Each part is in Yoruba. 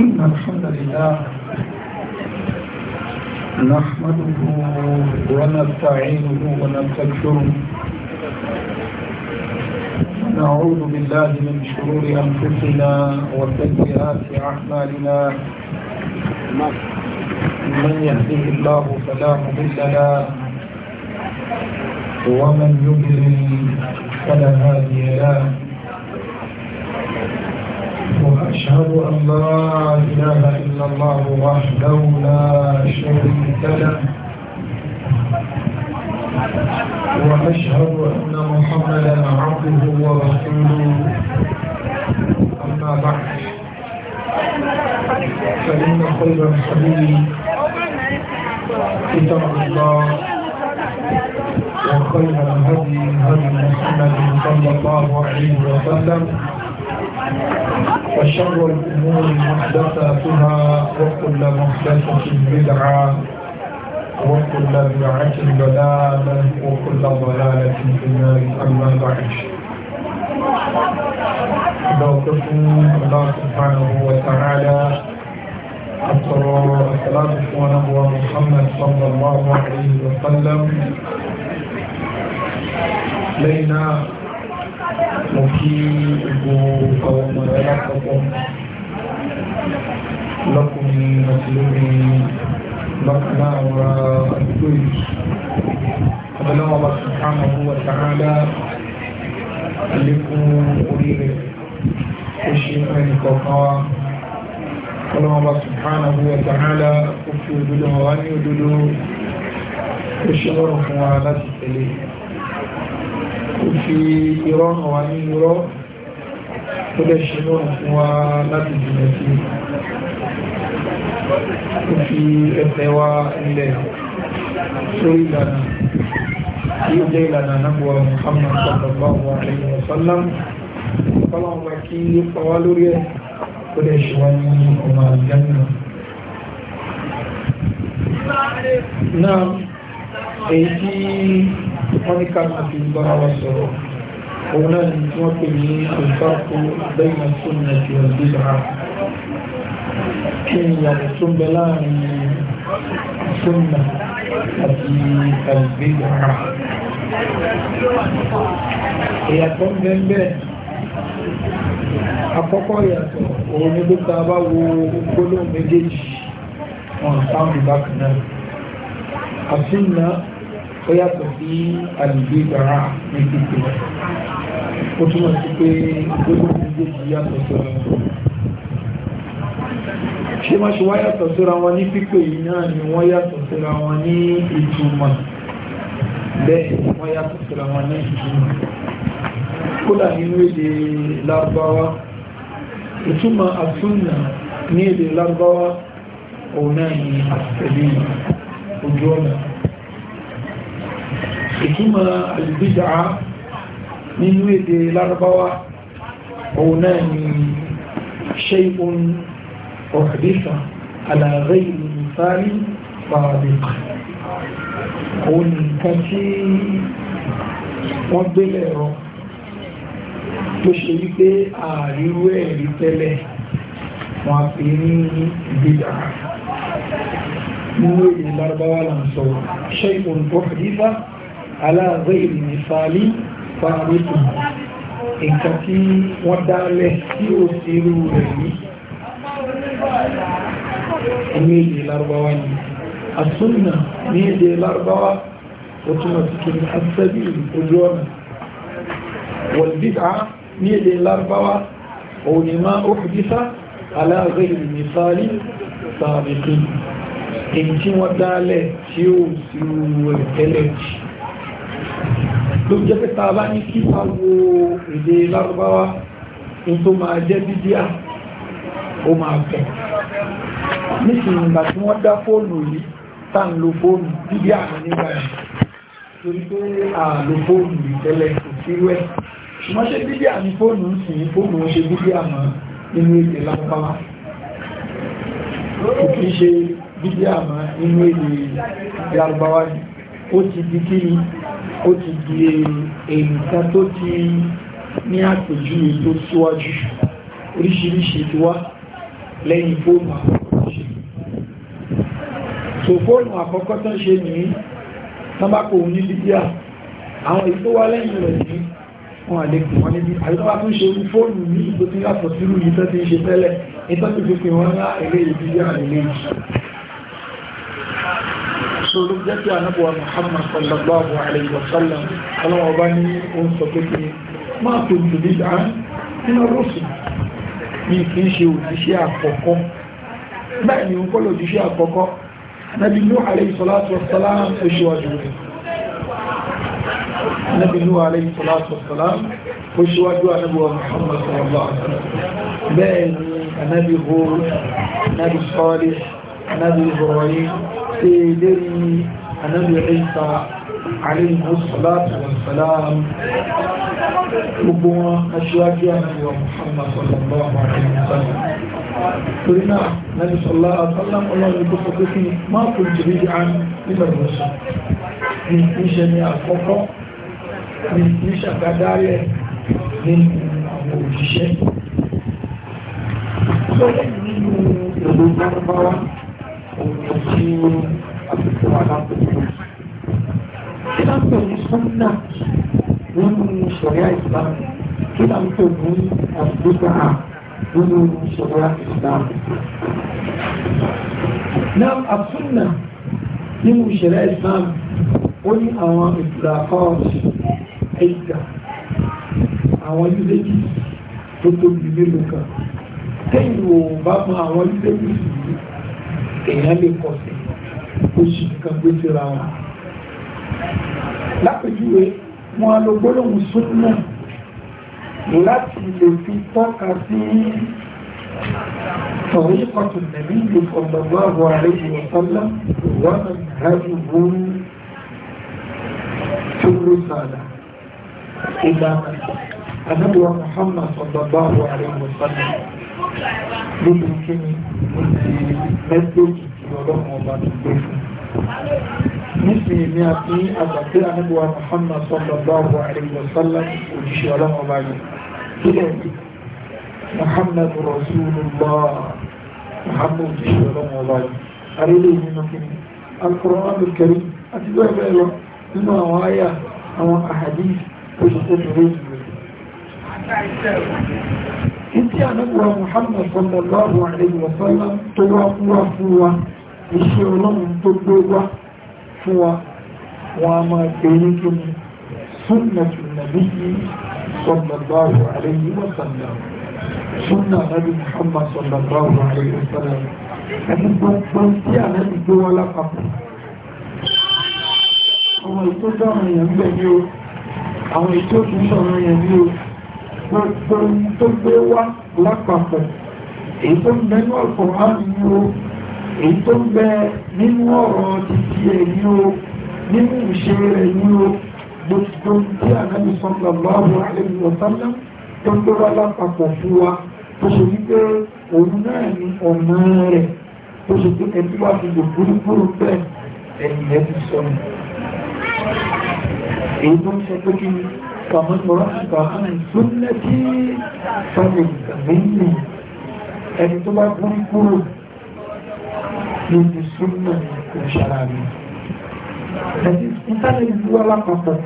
إن الحمد لله نحمده ونستعينه ونستغفره نعوذ بالله من شرور أنفسنا وسيئات أعمالنا من يهده الله فلا مضل له ومن يدري فلا هادي له وأشهد أن لا إله إلا الله وحده لا شريك له وأشهد أن محمدا عبده ورسوله أما بعد فإن خير الحديث كتاب الله وخير الهدي هدي محمد صلى الله عليه وسلم وشر الأمور محدثاتها وكل محدثة بدعة وكل بدعة ضلالة وكل ضلالة في النار أما بعد الله سبحانه وتعالى أكثر الصلاة ونبوة محمد صلى الله عليه وسلم lẹ́yìn náà mo kí gbogbo àwọn ọmọ rẹ̀ lápapọ̀ lọ́kùnrin àti lóbìnrin bákan náà wọ́n àdúgbò yìí ọ̀bẹ̀lọ́wọ́ bá subhanahu wa ta'ala àlékún orí rẹ̀ ó ṣe fún ẹnì kọ̀ọ̀kan wa ọlọ́wọ́ bá subhanahu wa ta'ala ó fi òdodo wà ní òdodo ó ṣe lọ́rùn fún wa láti tẹ̀lé ó fi irọ́ hàn wá ní irọ́ tó lè ṣe náà fún wa láti jùlọ sí ó fi ẹsẹ̀ wa ilẹ̀ sórí ìlànà tí ó jẹ́ ìlànà náà Muhammad sallallahu alaihi wa sallam ọlọ́mọ kí ọwá lórí ẹ̀ ó lè ṣe wá ní ọmọ àjẹ́mìnà náà èyí wọ́n ní ká máa fi bára wa sọ̀rọ̀ òun náà ni wọ́n pè ní alfarku bẹ́yìn sunna ti wọ́n bíbá kí ni yàtọ̀ tó ń bẹ láàrin sunna àti albíbá ìyàtọ̀ ń bẹ ń bẹ àkọ́kọ́ ìyàtọ̀ òun ni bí ta bá wo gbólóhùn méjèèjì wọn sáwọn ìbákan náà àfihàn ó yàtọ̀ sí àdìgbé gbàrà ní títì ó túmọ̀ sí pé gbogbo gbogbo yàtọ̀ síra wọn ṣé má ṣe wá yàtọ̀ síra wọn ní pípé yìí náà ni wọ́n yàtọ̀ síra wọn ní ìtumọ̀ bẹ́ẹ̀ wọ́n yàtọ̀ síra wọn ní ìtumọ̀ kódà nínú èdè lárúbáwá ìtumọ̀ àtúnà ní èdè lárúbáwá òun náà ni àtẹ̀lé ojú ọ̀nà ìtumọ̀ àlùbídà nínú èdè lárúbáwá òun náà ni ṣe'un ọ̀hàdísà alàrẹ ìlú sáàrí fàádìkà òun nìkan tí wọ́n gbélé ẹ̀rọ tó ṣe wípé ààrírú ẹ̀rí tẹ́lẹ̀ wọ́n a pè ní ìgbéjà nínú èdè lárúbáwá là ń sọ ṣe'un ọ̀hàdísà aláàzẹ́ ìmìsàlì fàmìlì nǹkan tí wọ́n dálẹ̀ tí ó sí irú rẹ̀ ní ní èdè lárúbáwá ni asúnà ní èdè lárúbáwá ó túnmọ̀ sí kí ní asẹ́bí ojú ọ̀nà wọ̀lbíkà ní èdè lárúbáwá òun ni ó fi dísá aláàzẹ́ ìmìsàlì fàmìlì èyí tí wọ́n dálẹ̀ tí ó sí irú rẹ̀ tẹ́lẹ̀ jì ló jẹ́ pé ta bá ní kí wá wo èdè lárúbáwá in tó máa jẹ́ bídíà ó máa pọ̀ nísìnyí ìgbà tí wọ́n dá fóònù yìí tá ń lo fóònù bídíà nígbà yìí torí pé àlò fóònù ìtẹ́lẹ̀ kò sírú ẹ̀ wọ́n ṣe bídíà ní fóònù ń sìn fóònù ṣe bídíà mọ́ nínú èdè lárúbáwá kò kí ṣe bídíà mọ́ nínú èdè lárúbáwá ó ti di kí ni ó ti di èyíká tó ti ní àpèjúwe tó síwájú oríṣiríṣi ti wá lẹ́yìn fóònù àkọ́kọ́ ṣe so fóònù àkọ́kọ́ tán ṣe ní tábàkò ní libya àwọn èyí tó wá lẹ́yìn rẹ̀ ní wọn àdékù wọn níbi àyíká tó ṣe fóònù ní ìgbótí yàtọ̀ sírù yìí tẹ́ ti ṣe tẹ́lẹ̀ ìtọ́jú fífi wọn ní àìlè ìbílẹ̀ àìlè yìí sọ̀rọ̀ jẹ́ kí anábọ̀wà Muhammad sallallahu alayhi wa sallam aláwọ̀ bá ní oun sọ pé kí máa tó ń tòbí dáa nínú rọ́ọ̀sì ní kí ń ṣe òjíṣẹ́ àkọ́kọ́ bẹ́ẹ̀ ni òun kọ́lọ̀ òjíṣẹ́ àkọ́kọ́ nàbí ló alayhi salatu wa salam tó ṣíwájú rẹ̀ nàbí ló alayhi salatu wa salam tó ṣíwájú anábọ̀wà Muhammad sallallahu alayhi wa sallam bẹ́ẹ̀ ni anábì hóòrò nàbí sọ́ọ́lẹ̀ anábì Ibrahim ṣe lérí anábì Isa alayhi salatu wassalam gbogbo wọn aṣíwájú anábì Muhammad sallallahu alaihi wasallam torí náà nàbí sọ̀lá àtàlám ọlọ́run tó fọ́kọ́ sí máa kò jìrì àn nílẹ̀ lọ́sùn ní iṣẹ́ ní àkọ́kọ́ ní ìṣàgádálẹ̀ ní àwọn òṣìṣẹ́ òní tí àkókò alákòókò kí là ń pè ní súnà nínú ṣẹ̀ríà ìsìlámù kí là ń pè ní àdúgbà nínú ṣẹ̀ríà ìsìlámù náà àsúnà nínú ṣẹ̀ríà ìsìlámù ó ní àwọn ìtìláfọ́ọ̀sì ẹ̀yíká àwọn yúdéjì tó tóbi mélòó kan tẹ́yìn ò bá mọ àwọn yúdéjì yìí èèyàn lè kọ̀ sí oṣù kan gbé síra wọn lápèjúwe wọn á lo gbólóhùn súnmọ́ láti lè fi tọ́ka sí طريقة النبي صلى الله عليه وسلم ومنهجه في الرسالة إلى من أنبوى محمد صلى الله عليه وسلم lórí kíni mẹ́sẹ̀jì tí ọlọ́run ọba ti gbé fún nísìn ní àti àgbàgbé anábíwá Muhammad sallallahu alaihi wa sallam òjíṣẹ́ ọlọ́run ọba yìí sílẹ̀ Muhammad rasulullah Muhammad òjíṣẹ́ ọlọ́run ọba yìí arílẹ̀ nínú kíni al àti bẹ́ẹ̀ lọ nínú àwọn àyà àwọn àhàdí òṣìṣẹ́ mìíràn ìtí ànábùwà Muhammad sallallahu alayhi wa sallam tó wá fún wa fún wa iṣẹ́ ọlọ́run tó gbé wá fún wa wọn a máa pè ní kí ni sunnatu nabiyyi sallallahu alayhi wa sallam sunna nabi Muhammad sallallahu alayhi wa sallam ẹni gbogbo tí ànábì gbé wá lápapọ̀ àwọn ètò àwọn èèyàn ní o gbogbo tó gbé wá lápapọ̀ èyí tó ń bẹ ní Al-Qur'an ni o èyí tó ń bẹ nínú ọ̀rọ̀ títí ẹ̀ ní o nínú ìṣe rẹ̀ ní o gbogbo tí ànábì sallallahu alaihi wa sallam tó ń gbé wá lápapọ̀ fún wa tó ṣe wípé òun náà ni ọ̀nà rẹ̀ tó ṣe pé ẹbí wá fi lò gbúrúgbúrú bẹ́ẹ̀ ẹ̀yìn ẹ̀ ti èyí tó ń ṣe pé kí ni فمن رغب عن سنتي فليس مني ẹni tó bá gúrí kúrò lórí súnmà ìṣàrà mi ẹni ìtàlẹ̀ ìlú alápapọ̀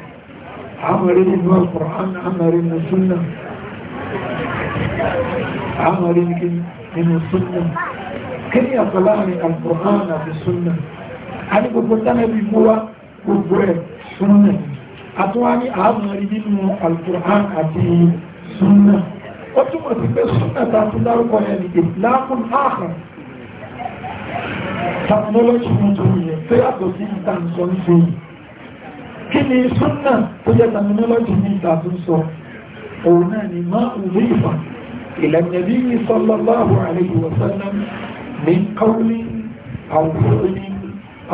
àmàrí nínú ọ̀pọ̀ àmàrí nínú súnmà àmàrí nínú súnmà kí ni àtọ́lá àrin alfọ̀hánà àti súnmà a ní gbogbo tánàbí mú wá gbogbo ẹ̀ àtúwá ní àmàrí nínú alkùnrán àti súnà ó túnmọ̀ sí pé súnà tàbí dárúkọ ẹni ìlàkùn áhà technology mú tó yẹ pé àtọ̀ sí ìta ń sọ ní ṣe kí ni súnà tó jẹ́ technology ní ìta tó ń sọ òun náà ni má òwe ìfà ìlànàbí sallallahu alayhi wa sallam min qawlin aw fi'lin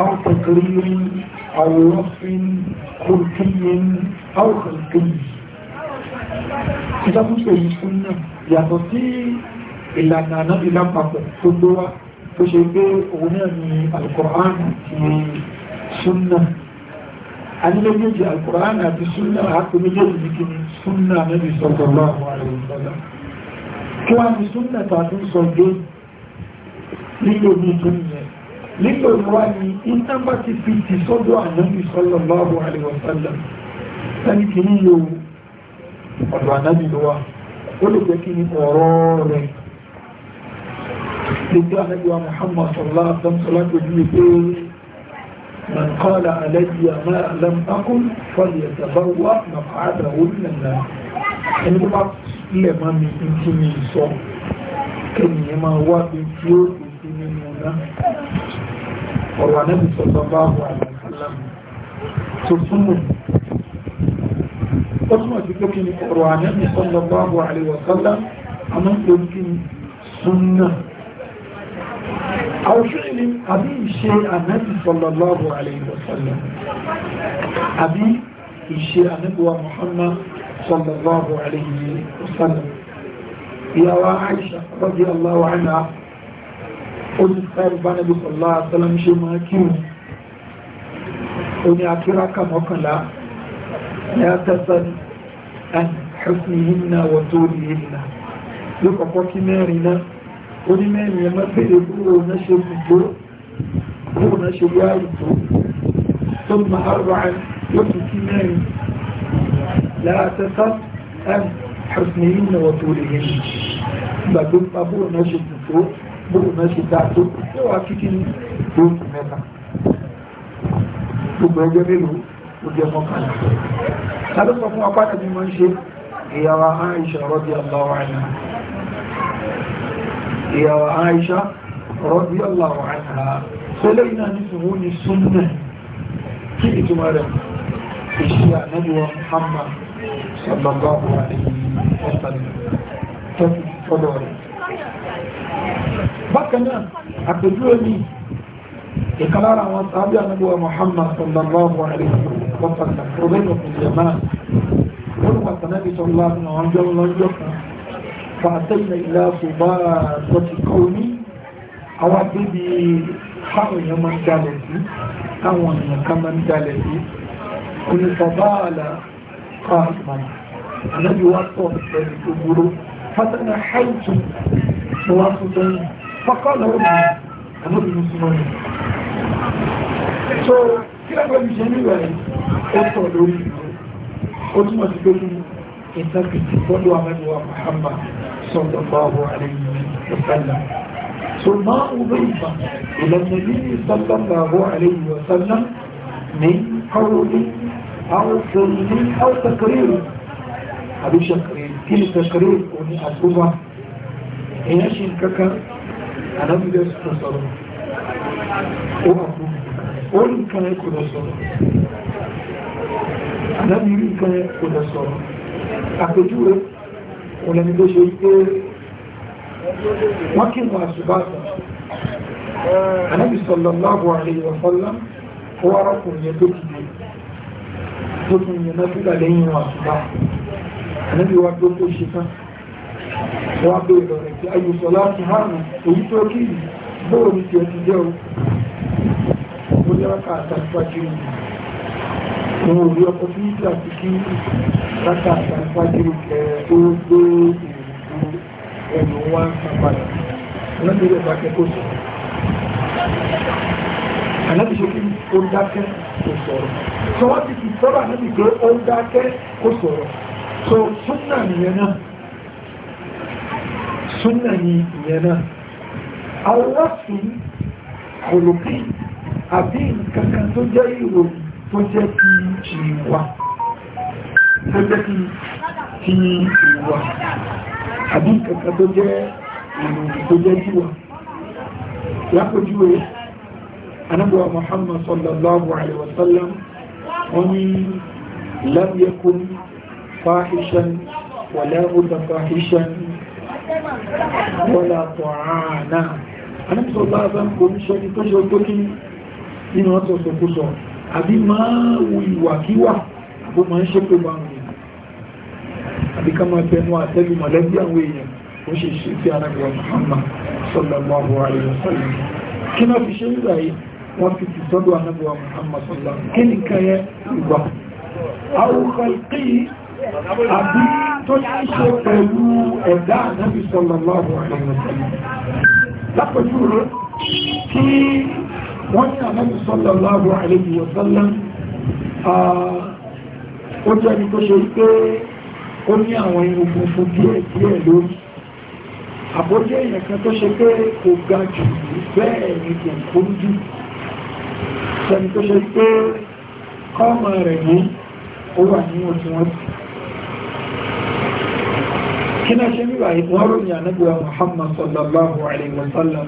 aw taqririn أو رف خلقي أو خلقي إذا مش أي سنة yàtọ̀ sí ìlànà ànábì lápapọ̀ tó gbé wá tó ṣe gbé òun náà ni alkùránì àti súnnà a ní méjèèjì alkùránì àti súnnà àti méjèèjì ní kíni súnnà ànábì sallallahu alaihi wasallam kí wá ní súnnà tàbí sọ gbé nílò nítorí wá ní ìtàbá ti fi ti sọ́dọ̀ ànábì sallallahu alaihi wasallam tẹ́lì kì ní yóò ọ̀dọ̀ ànábì lọ́wà ó lè jẹ́ kí ní ọ̀rọ̀ rẹ̀ lẹ́gbẹ́ ànábì wa Muhammad sallallahu alaihi wasallam sallallahu alaihi wasallam من قال علي ما لم أقل فليتبوأ مقعده من النار ẹni tó bá lè máa mi ní kí ni sọ kẹ́ni ẹ máa wá bí tí ó kù sí nínú náà ọ̀rọ̀ anẹ́bì sọ̀tọ̀ bá wà tó súnmù ó túnmọ̀ sí pé kí ni ọ̀rọ̀ anẹ́bì sọ̀tọ̀ bá wà àríwọ̀sọ́lá amọ́nkòókì súnnà àwòṣìlì àbí ìṣe anẹ́bì sọ̀tọ̀ bá wà àríwọ̀sọ́lá àbí ìṣe anẹ́bì wa Muhammad sọ̀tọ̀ bá wà àríwọ̀sọ́lá ìyàwó Aisha olùfẹ́rù bá nẹ́bí sọ̀lá àtọ́lọ́mí ṣe máa kírùn ó ní àkíráka mọ́kànlá ní àtẹ́sàn àn hùsùn yìí náà wọ́n tó rí èyí náà ló kọ̀kọ́ kí mẹ́rin náà ó ní mẹ́rin yẹn máa bèèrè búrò náà ṣe gbogbo búrò náà ṣe wá ìtò tó máa rà án ló tún kí mẹ́rin láàtẹ́sàn àn hùsùn yìí náà wọ́n tó rí èyí náà gbàgbé búrò náà ṣe gbogbo bóòlù náà ṣe dáa tó yóò wá kíkí ní bóòlù mẹ́ta gbogbo ẹgbẹ́ mélòó ó jẹ́ mọ́kànlá tàbí sọ fún apá ẹni mọ́ ń ṣe ìyàwó Aisha radiyallahu anha ìyàwó Aisha radiyallahu anha tó lẹ́yìn náà ní sùnwó ní súnmẹ̀ kí ìtumọ̀ rẹ̀ ìṣe ànábíwá Muhammad sallallahu alaihi wasallam tọ́jú fọ́dọ̀ rẹ̀ bákan náà àpèjúwe ní ìkàlára àwọn sábẹ́ ànábíwá Muhammad sallallahu alaihi wasallam. sallam ọ̀rẹ́ ìjọba olùkọ́ sànábì sọ́lá ní ọjọ́ lọ́jọ́ kan fàtẹ́lẹ̀ ilá ṣùgbà tọ́tí kọ́ọ̀ní àwọn bíbí káwọn èèyàn máa ń dalẹ̀ sí káwọn èèyàn ká máa ó wá fún sẹ́yìn kọ́kọ́ lọ́wọ́ mi àmọ́bí mi so kí lọ́gbọ́n mi ṣe ní ìrọ̀lẹ́ ó tọ̀ lórí ó túmọ̀ sí lórí ìtàkìtì lọ́dọ̀ àmẹ́lúwà Muhammad sallallahu alayhi wa sallam ثم أضيف إلى النبي صلى الله عليه وسلم من قول أو فعل أو تقرير أبي شكرين كل تقرير أني أتوبة èyàn ṣe kankan anábìlẹ̀ sọ sọ̀rọ̀ ó wà fún ó ní nǹkan ẹ kò lọ sọ̀rọ̀ anábìlẹ̀ nǹkan ẹ kò lọ sọ̀rọ̀ àpèjúwe òlẹ́ni tó ṣe pé wọ́n kí wọ́n àṣùbáṣà anábì sallallahu alaihi wa sallam ó wá rọ́kùnrin tó kìí tó kìí yẹn náà fílà lẹ́yìn wọn àṣùbá anábì wá tó wọ́n bèèrè lọ́rẹ̀ tí ayùsọ̀ láti hànà èyí tó kí bóò ní ti ẹ̀tì jẹ́ o lẹ́rọ̀ká àtàrífàjìrì wọn ò rí ọkọ̀ tí ìjà ti kí rákà àtàrífàjìrì ẹ̀ẹ́gbó gbé ẹ̀rù wọn pàpàdà wọ́n bèèrè dákẹ́ kó sọ ànábìṣe kí ó dákẹ́ kó sọ̀rọ̀ so súnà nìyẹn náà súnà ní ìyẹn náà aláṣù kòlòpì àbí nǹkan kan tó jẹ́ ìròyìn tó jẹ́ ti ìwà tó jẹ́ ti ìwà àbí nǹkan kan tó jẹ́ ìròyìn tó jẹ́ ìwà lápòjúwe anábọ̀wà Muhammad sallallahu alaihi wasallam wọ́n ni lam yakun fahishan wala mutafahishan wọ́la tọ̀rànà anábìsọ̀ bá bá ń kò ní sọ ní tó ṣe ogbó kí nínú ọ̀sọ̀sọ̀ kó sọ àbí máa wo ìwàkíwà àbó máa ń ṣépè bá wọn àbí ká máa bẹnu àtẹ́lù mọ̀lẹ́bí àwọn èèyàn ó ṣe ṣe sí anábìsọ̀ Muhammad sallallahu alaihi wasallam kí náà fi ṣe nígbà yìí wọ́n fi ti sọ́dọ̀ anábìsọ̀ Muhammad sallallahu kí ni kẹ́yẹ ìgbà àbí tó ní ṣe pẹ̀lú ẹ̀dá ànábì sallallahu alaihi wasallam lápẹjú rẹ̀ kí wọ́n ní ànábì sallallahu alaihi wasallam ó jẹ́ ní tó ṣe pé ó ní àwọn irun funfun díẹ̀ díẹ̀ lórí àbójẹ́ èèyàn kan tó ṣe pé kò ga jù bẹ́ẹ̀ ni kò kún jù sẹ́ni tó ṣe pé kọ́mọ rẹ̀ ní ó wà ní òṣùwọ̀n sí kí náà ṣe bí báyìí wọ́n ròyìn ànábíwá Muhammad sallallahu alayhi wa sallam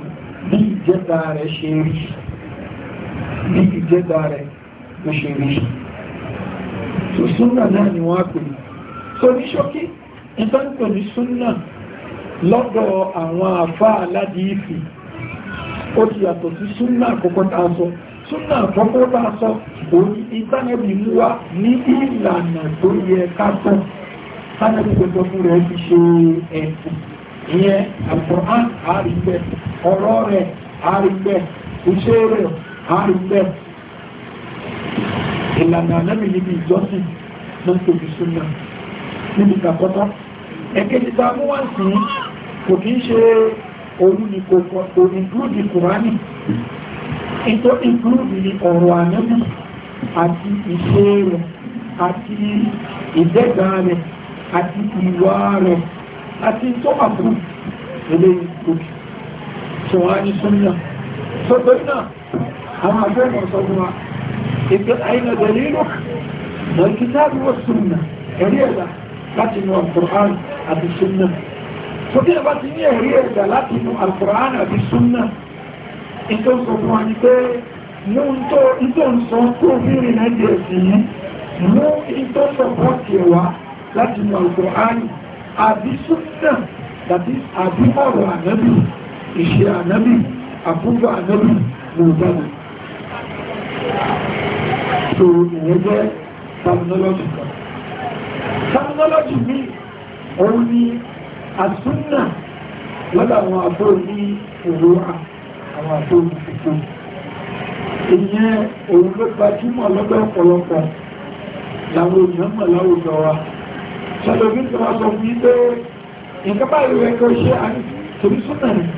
bí ìjẹ́ta rẹ̀ ṣe rí bí ìjẹ́ta rẹ̀ ló ṣe rí tó súnà náà ni wọ́n á pè so ní ṣókí ìtànkò ní súnà lọ́dọ̀ àwọn àfá aládìífì ó ti yàtọ̀ sí súnà àkọ́kọ́ tá a sọ súnà àkọ́kọ́ tá a sọ òní ìtànẹ́bì mú wá ní ìlànà tó yẹ ká tọ́ sábà tí gbogbo fún rẹ̀ fi ṣe ẹ̀sìn ìyẹn Al-Qur'an àrígbẹ́ ọ̀rọ̀ rẹ̀ àrígbẹ́ iṣẹ́ rẹ̀ àrígbẹ́ ìlànà anẹ́mì níbi ìjọsìn ló ń tóbi súnmọ́ níbi kàkọ́tọ́ ẹ̀kejì tá a mú wá sí kò kí ń ṣe òru ní kò kò ìnkúrúdì kùránì ìtọ́ ìnkúrúdì ní ọ̀rọ̀ anẹ́mì àti ìṣe rẹ̀ àti ìdẹ́gbàá rẹ̀ àti ìwà rẹ̀ àti tó àpùn ilé ìgbòkì tí wọ́n ní súnnà sọ́tọ́ náà àwọn àfẹ́mọ̀ sọ́gbọ́n ìgbẹ́ àìnà dalilu wọ́n kí tábí wọ́n súnnà ẹ̀rí ẹ̀dà láti inú alkùrán àti súnnà tó bí ẹ̀bá ti ní ẹ̀rí ẹ̀dà láti inú alkùrán àti súnnà ìtọ́ sọ fún pé mú ìtọ́ sọ kó bí láti mọ̀ Al-Qur'an àbí súnà tàbí àbúmọ̀rọ̀ ànábì ìṣe ànábì àbúgbà ànábì mọ̀ọ́dánà so ìyẹn jẹ́ terminology kan terminology mi òun ni àsúnà lọ́dọ̀ àwọn àbó ní òwò àwọn àbó ní fífò ìyẹn òun ló gbajúmọ̀ lọ́dọ̀ ọ̀pọ̀lọpọ̀ làwọn èèyàn mọ̀ láwùjọ wa ṣẹlẹ̀bí tó wá sọ fún pé nǹkan báyìí rẹ̀ kọ́ ṣe àtòrí súnà rẹ̀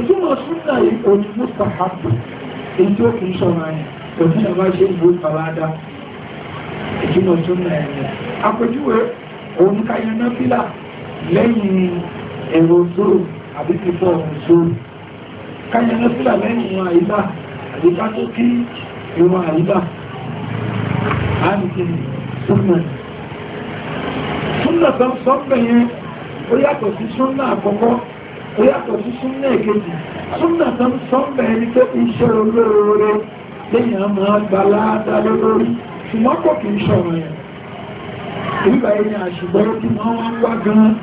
ìtumọ̀ súnà yìí òní mustahabu èyí tí ó kìí ṣọ̀rọ̀ yẹn òní ẹ̀ máa ṣe ń bo ìfàládà ìtumọ̀ súnà yẹn àpèjúwe òun káyọ̀ náà fílà lẹ́yìn èrò zoro àbí pípọ̀ zoro káyọ̀ náà fílà lẹ́yìn ìwọ̀n àyíká àbí kí ìwọ̀n àyíká á súnlọ̀tọ̀ sọ́pẹ̀ yẹn ó yàtọ̀ sí súnlọ̀ àkọ́kọ́ ó yàtọ̀ sí súnlọ̀ èkejì súnlọ̀tọ̀ sọ́pẹ̀ ẹni tó iṣẹ́ olóore lẹ́yìn àmà gbaláàdá lórí ṣùgbọ́n kò kì í ṣọ̀rọ̀ yẹn ìgbà yẹn ni àṣùgbọ́n tí wọ́n wá ń wá gan-an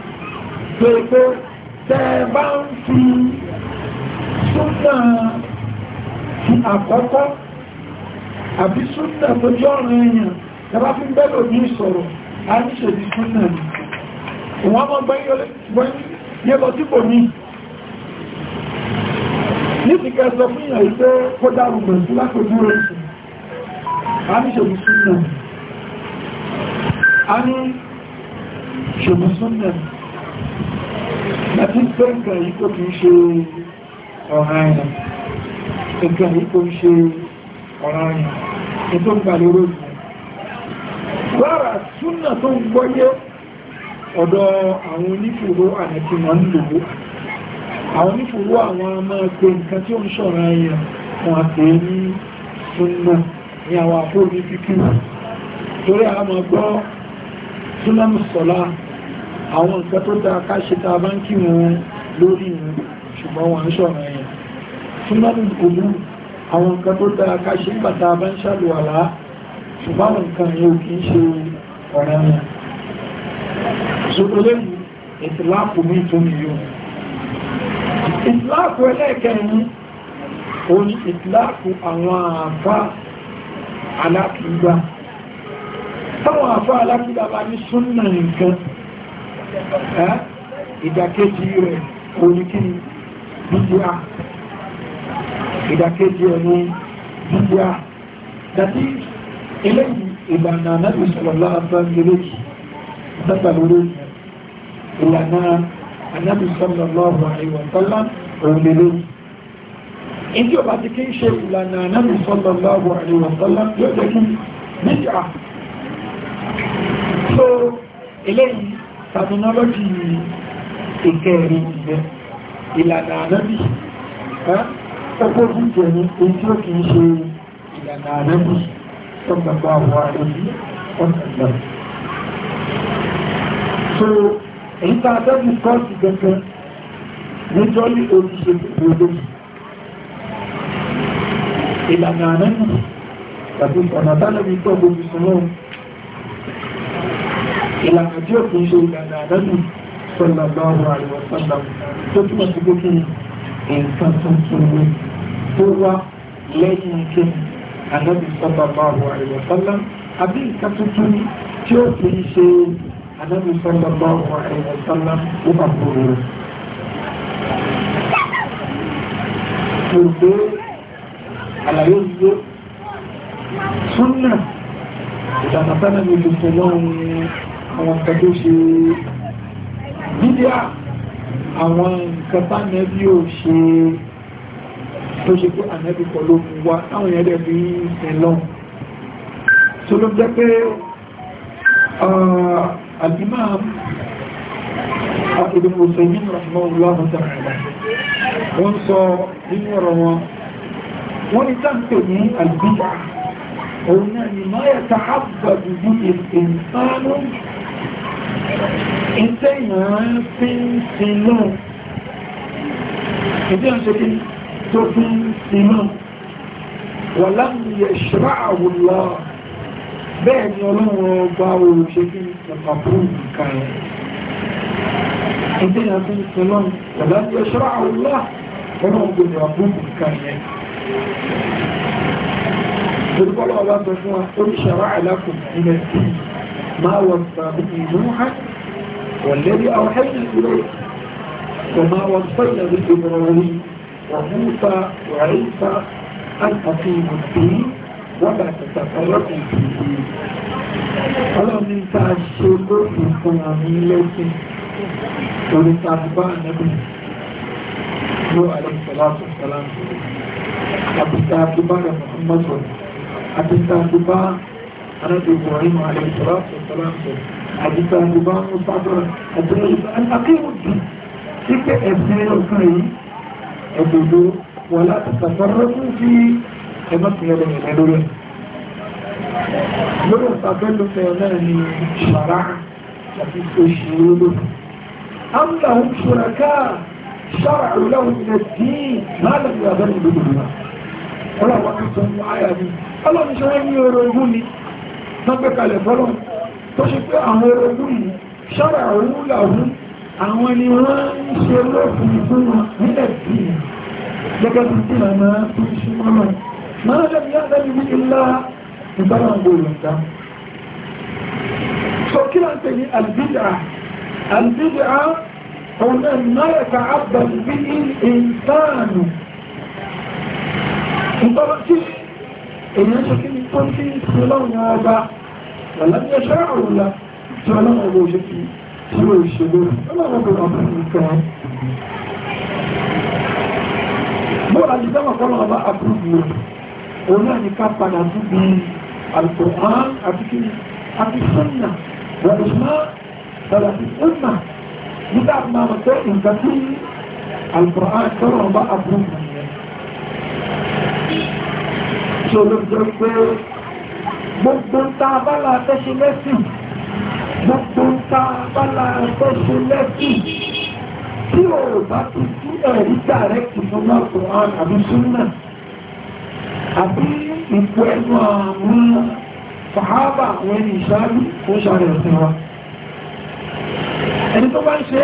pé pé tẹ́ bá ń fi súnlọ̀ ti àkọ́kọ́ àbí súnlọ̀ tó jọ́ ọ̀rọ̀ yẹn tẹ́ bá fi bẹ́ẹ̀ lòdì sọ̀rọ̀ a ń ṣèdí súnlọ̀ ni wọ́n mọ́ gbẹ́yẹ́ lọ sí kò ní ní ti kẹ́ sọ fún ìyàn ìpé kó dárù pẹ̀lú lápẹ̀lú rẹ̀ a ní ṣòmùsúnnà a ní ṣòmùsúnnà láti pé nǹkan yìí kò kìí ṣe ọ̀ràn ẹ̀yàn nǹkan yìí kò ṣe ọ̀ràn ẹ̀yàn ètò ìgbàlérò rárá súnnà tó ń gbọ́yé ọ̀dọ̀ àwọn onífòró àti wọn ń lòó àwọn onífòró àwọn máa gbé nǹkan tí ó ń ṣọ̀rọ̀ ẹ̀yà wọn àpè ní súnmọ̀ ní àwọn àpòrí fífún torí àmọ́ gbọ́ súnmọ̀ sọ́lá àwọn nǹkan tó dáa káṣẹta bá ń kí wọn lórí wọn ṣùgbọ́n wọn ṣọ̀rọ̀ ẹ̀yà súnmọ̀ òmù àwọn nǹkan tó dáa káṣẹ́ pàtàkì bá ń ṣàlùwàlá ṣùgbọ́n nǹkan yóò kìí ṣe ọ̀rẹ́ ẹ̀yà ṣòtòlẹ́yìn ìtìláàpù mi tó ní yóò ìtìláàpù ẹlẹ́ẹ̀kẹ́rin ó ní ìtìláàpù àwọn àfá alákìígbà táwọn àfá alákìígbà bá ní súnnà nǹkan ìdàkejì rẹ̀ ó ní kí bíbíà ìdàkejì rẹ̀ ní bíbíà dàbí eléyìí ìlànà anábìsọ̀lọ́lá bá ń lè lókìí dọ́gba lórí ìlànà anábì sallallahu alaihi wa sallam òmìnirò ìdí ọba ti kí ń ṣe ìlànà anábì sallallahu alaihi wa sallam yóò jẹ́ kí níjà so eléyìí terminology ìkẹrin ìgbẹ́ ìlànà anábì ọkọ̀ jíjẹ ní ojú òkè ń ṣe ìlànà anábì sallallahu so èyí tá a fẹ́ mú kọ́ọ̀sì gẹ̀gẹ́ nítorí olùṣe gbogbo ìlànà àánú tàbí ọ̀nà tálẹ́bí tó gbogbo ìsúnlọ́run ìlànà tí ó kì í ṣe ìlànà àánú sọ́lọ̀lọ́rọ̀ àríwọ̀sọ́lọ̀ tó túnmọ̀ sí pé kí nǹkan tuntun ni tó wá lẹ́yìn kí ànábì sọ́lọ̀lọ́rọ̀ àbí nǹkan tí ó kì í ṣe Ànábì sallallahu alaihi wasallam ó bá gbòòrò rẹ̀. Mo gbé àlàyé ìgbé súnà ìdàgbà sára ní gbogbo lọ́rùn àwọn nǹkan tó ṣe bídíà àwọn nǹkan bá nẹ́bí ò ṣe tó ṣe pé ànẹ́bí pọ̀ ló mú táwọn èèyàn bí ẹ̀lọ́run tó ló jẹ́ pé الإمام ابن المسيحين رحمه الله تعالى وانصى من ورواه ولتنتهي البدع قلنا ما يتعبد به الإنسان إنسان في سلام إنسان شكل في سلام ولم يشرعه الله bẹ́ẹ̀ ni ọlọ́run ọba oòrùn ṣe bí ọ̀pàpùrù nǹkan rẹ̀ ẹgbẹ́ ìyàtọ̀ ìpínlọ́nù ọ̀dá tí ó ṣọ́rọ̀ àwòrán ọlọ́run gbogbo ọ̀pàpùrù nǹkan rẹ̀ Ìrúkọ́lọ́ ọba sọ fún wa, oríṣàrá àlákùn ilẹ̀ tí máa wọ̀ sàbí ìmúhàn والذي أوحينا إليك وما وصينا به إبراهيم وموسى وعيسى أن أقيموا الدين wọ́dà tẹ̀tàkọ́lọ́kùn ọlọ́ni ta ṣe lóòrùn fún àmì lẹ́sìn torí ta bá nẹ́bùn ló àlẹ́sọ̀lásọ̀ sọ́lámù àbúta àdúbá rẹ̀ mọ́mọ́sọ̀ àbúta àdúbá arábìnrin àlẹ́sọ̀lásọ̀ sọ́lámù àbúta àdúbá mọ́sàdọ̀rọ̀ àtúnlẹ̀ sí pé ẹ̀sìn ọ̀sán yìí ẹ̀dọ̀dọ̀ wọ́n láti tàbárọ̀ fún sí ẹgbẹ́ ti rẹ̀ lẹ́yìn rẹ̀ lórí lórí ìpàgbẹ́ ló fẹ́ náà ni ṣàrá àti òṣèré lórí amúlà ń ṣúra káà ṣára àrùláwọ̀ ilẹ̀ dín láàrín ìyàbẹ́ ìlú ìlúwa ọlọ́wọ́ ti sọ mú àyà mi ọlọ́run ṣe wọ́n ní ọrọ̀ ogún ni lọ́gbẹ́kalẹ̀ fọ́lọ́ tó ṣe pé àwọn ọrọ̀ ogún yìí ṣára àrùláwọ̀ àwọn ni wọ́n ń ṣe lọ́fún fún wọn nílẹ̀ dín gẹ́gẹ́ bí tí màmá tó ń ṣe mọ́lọ́run ما لم يأذن به الله فلا نقول أنت فكلا أنت البدعة البدعة أن ما يتعبد به الإنسان أنت انطلقتي إن شكل كنت سلام هذا ولم يشاء ولا سلام أبو جكي سلو الشدور سلام أبو أمر الكلام مو أجدام أقول الله أبو òun náà ní ká padà síbi Al-Qur'an àti kí àti sọ́nà rẹ̀lùmọ́ padà sí sọ́nà nígbà tí máa mọ̀ pé nǹkan tí Al-Qur'an tọrọ bá àbúrò tí olóògbé pé gbogbo ta bálá tẹ́ṣe lẹ́sìn gbogbo ta bálá tẹ́ṣe lẹ́sìn tí ò bá tún sí ẹ̀rí dàrẹ́kì fún náà Qur'an àbí sọ́nà àbí ipò ẹnu àwọn fàábà àwọn ẹni ìṣáájú ó ṣàrẹ̀ ọ̀sìn wa ẹni tó bá ń ṣe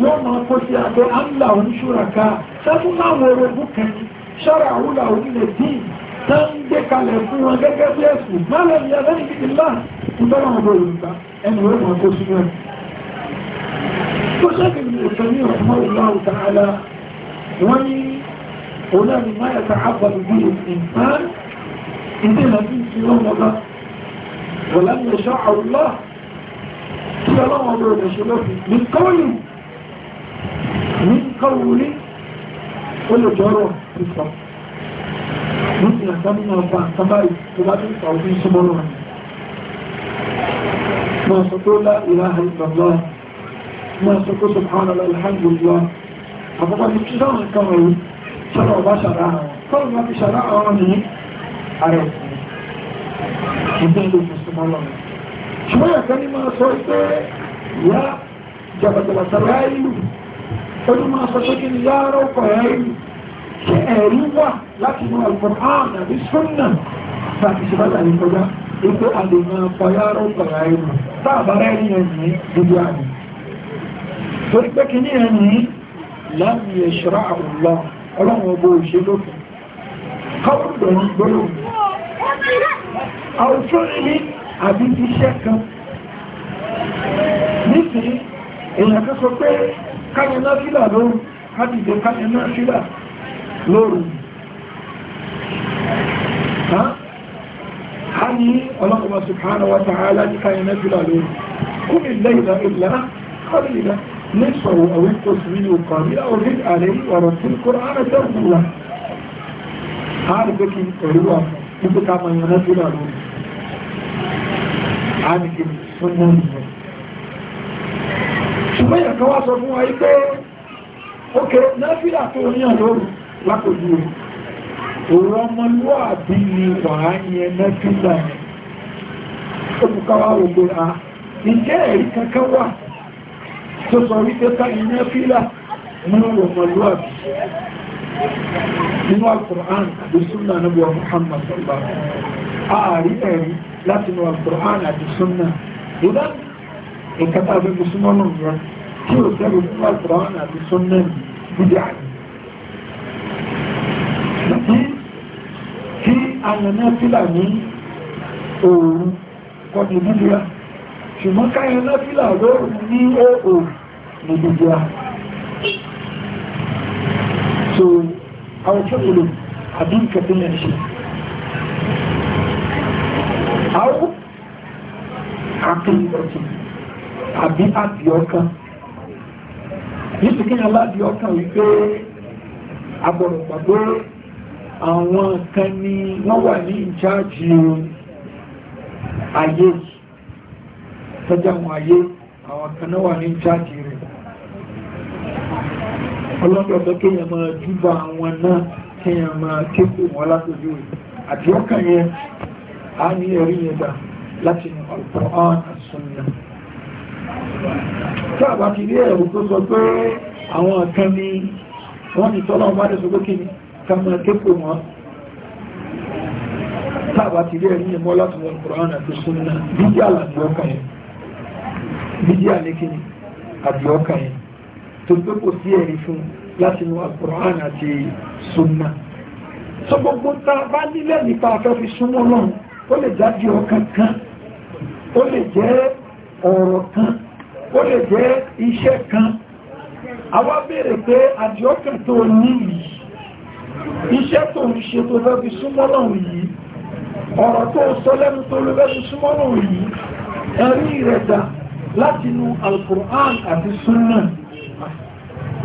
wọ́n máa kó sí abẹ́ àmìlà oníṣúraka sẹ́fún láwọn orogún kan ṣára àwúlà orílẹ̀ dín tó ń gbé kalẹ̀ fún wọn gẹ́gẹ́ bí ẹ̀sùn máa lẹ́yìn ẹlẹ́yìn gidi láà ń فلان ما يتعبد به الإنسان إنما في يوم الله ولم يشاء الله رمضان الله من قول من قول كل جاره في الصف مثل كمنا وفاق تباري تباري تعطي سبرون ما سكو لا إله إلا الله ما سكو سبحان الله الحمد لله أبدا مكتشان كمعي sọ́nà ọba ṣàrá tọ́rọ ma fi ṣàrá àwọn ní ààrẹ ìgbé ìlú mùsùlùmọ́ lọ ṣùgbọ́n ẹ̀kọ́ ní máa sọ pé ya jàbàjàbàtà ráìlú ó ní máa sọ pé kí ni ya rọ́kọ̀ ráìlú ṣe ẹ̀rí wà láti mọ alkùnrin àbí súnnà láti ṣe bàtà ní kọjá ipò àdèmọ̀ àwọn ọlọ́run ọlọ́run ọgbọ́ òṣè lófin káwọ́gbọ̀n gbọ́rọ̀ àwùjọ ní àbí iṣẹ́ kan nítí èèyàn kan sọ pé káyẹná fílà lóru kádìdé káyẹná fílà lóru a ní ọlọ́run subhanahu wa ta'ala ní káyẹná fílà lóru kúmi lẹ́yìn ìlà kọ́lù نصفه أو التسويه قليلا وزد عليه ورسل القرآن ترجوه هذا بكي هو يبقى ما ينزل عليه عنك السنة ṣùgbọ́n èèyàn kan wá sọ fún wa pé ókè náfíà tó ní àlóòrùn lápòjú òun ọmọlúwàbí ni wàá yẹn náfíà olùkọ́wà ògbò à ǹjẹ́ ẹ̀rí kankan wà tó sọ wípé káyìn ní fílà nínú ọmọlúwàbí nínú alkùrán àti súnà níbi Muhammad sọ̀bà ààrí ẹ̀rí láti nínú alkùrán àti súnà ìdá ìkàtà àbẹ́ musulmanu rẹ̀ tí ó sẹ́rù nínú alkùrán àti súnà bídí àní tí àwọn náà fílà ní òòrùn kọ́ni bídí ṣùgbọ́n káyìn náà fílà lóòrùn ní òòrùn ní gbogbo a so àwọn tí ó lò àbí nǹkan tó yẹn ṣe àwọn àpèyọ̀tì àbí àbíọ́kan nítorí alábíọ́kan wípé agbọ̀rọ̀gbàgbọ́ àwọn kan ni wọ́n wà ní ìjáàjì ayé tọ́jà àwọn ayé àwọn kan náà wà ní ìjáàjì rẹ̀ ọlọ́dọ̀ọ́dọ́ kí èèyàn máa júbà àwọn náà kí èèyàn máa ké pè wọ́n látòjú rẹ̀ àti ọkà yẹn a ní ẹ̀rí yẹn gbà láti ní Al-Qur'an as-Sunnah tí àbá ti rí ẹ̀rù tó sọ pé àwọn kan ní wọ́n ní tọ́lá ẹ̀rí yẹn mọ́ láti ní Al-Qur'an as-Sunnah bídí àlàdì yẹn tó pé kò sí ẹ̀rí fún láti inú al àti sunna so gbogbo ta bá nílẹ̀ nípa afẹ́ fi súnmọ́ lọ́n ó lè jáde ọkàn kan ó lè jẹ́ ọ̀rọ̀ kan ó lè jẹ́ iṣẹ́ kan àwa béèrè pé àdìọ́kàn tó ní yìí iṣẹ́ tó ń ṣe tó fẹ́ fi súnmọ́ lọ́n yìí ọ̀rọ̀ tó sọ lẹ́nu tó lọ lẹ́nu súnmọ́ lọ́n yìí ẹ̀rí rẹ̀ dà látinú Al-Qur'an àti sunna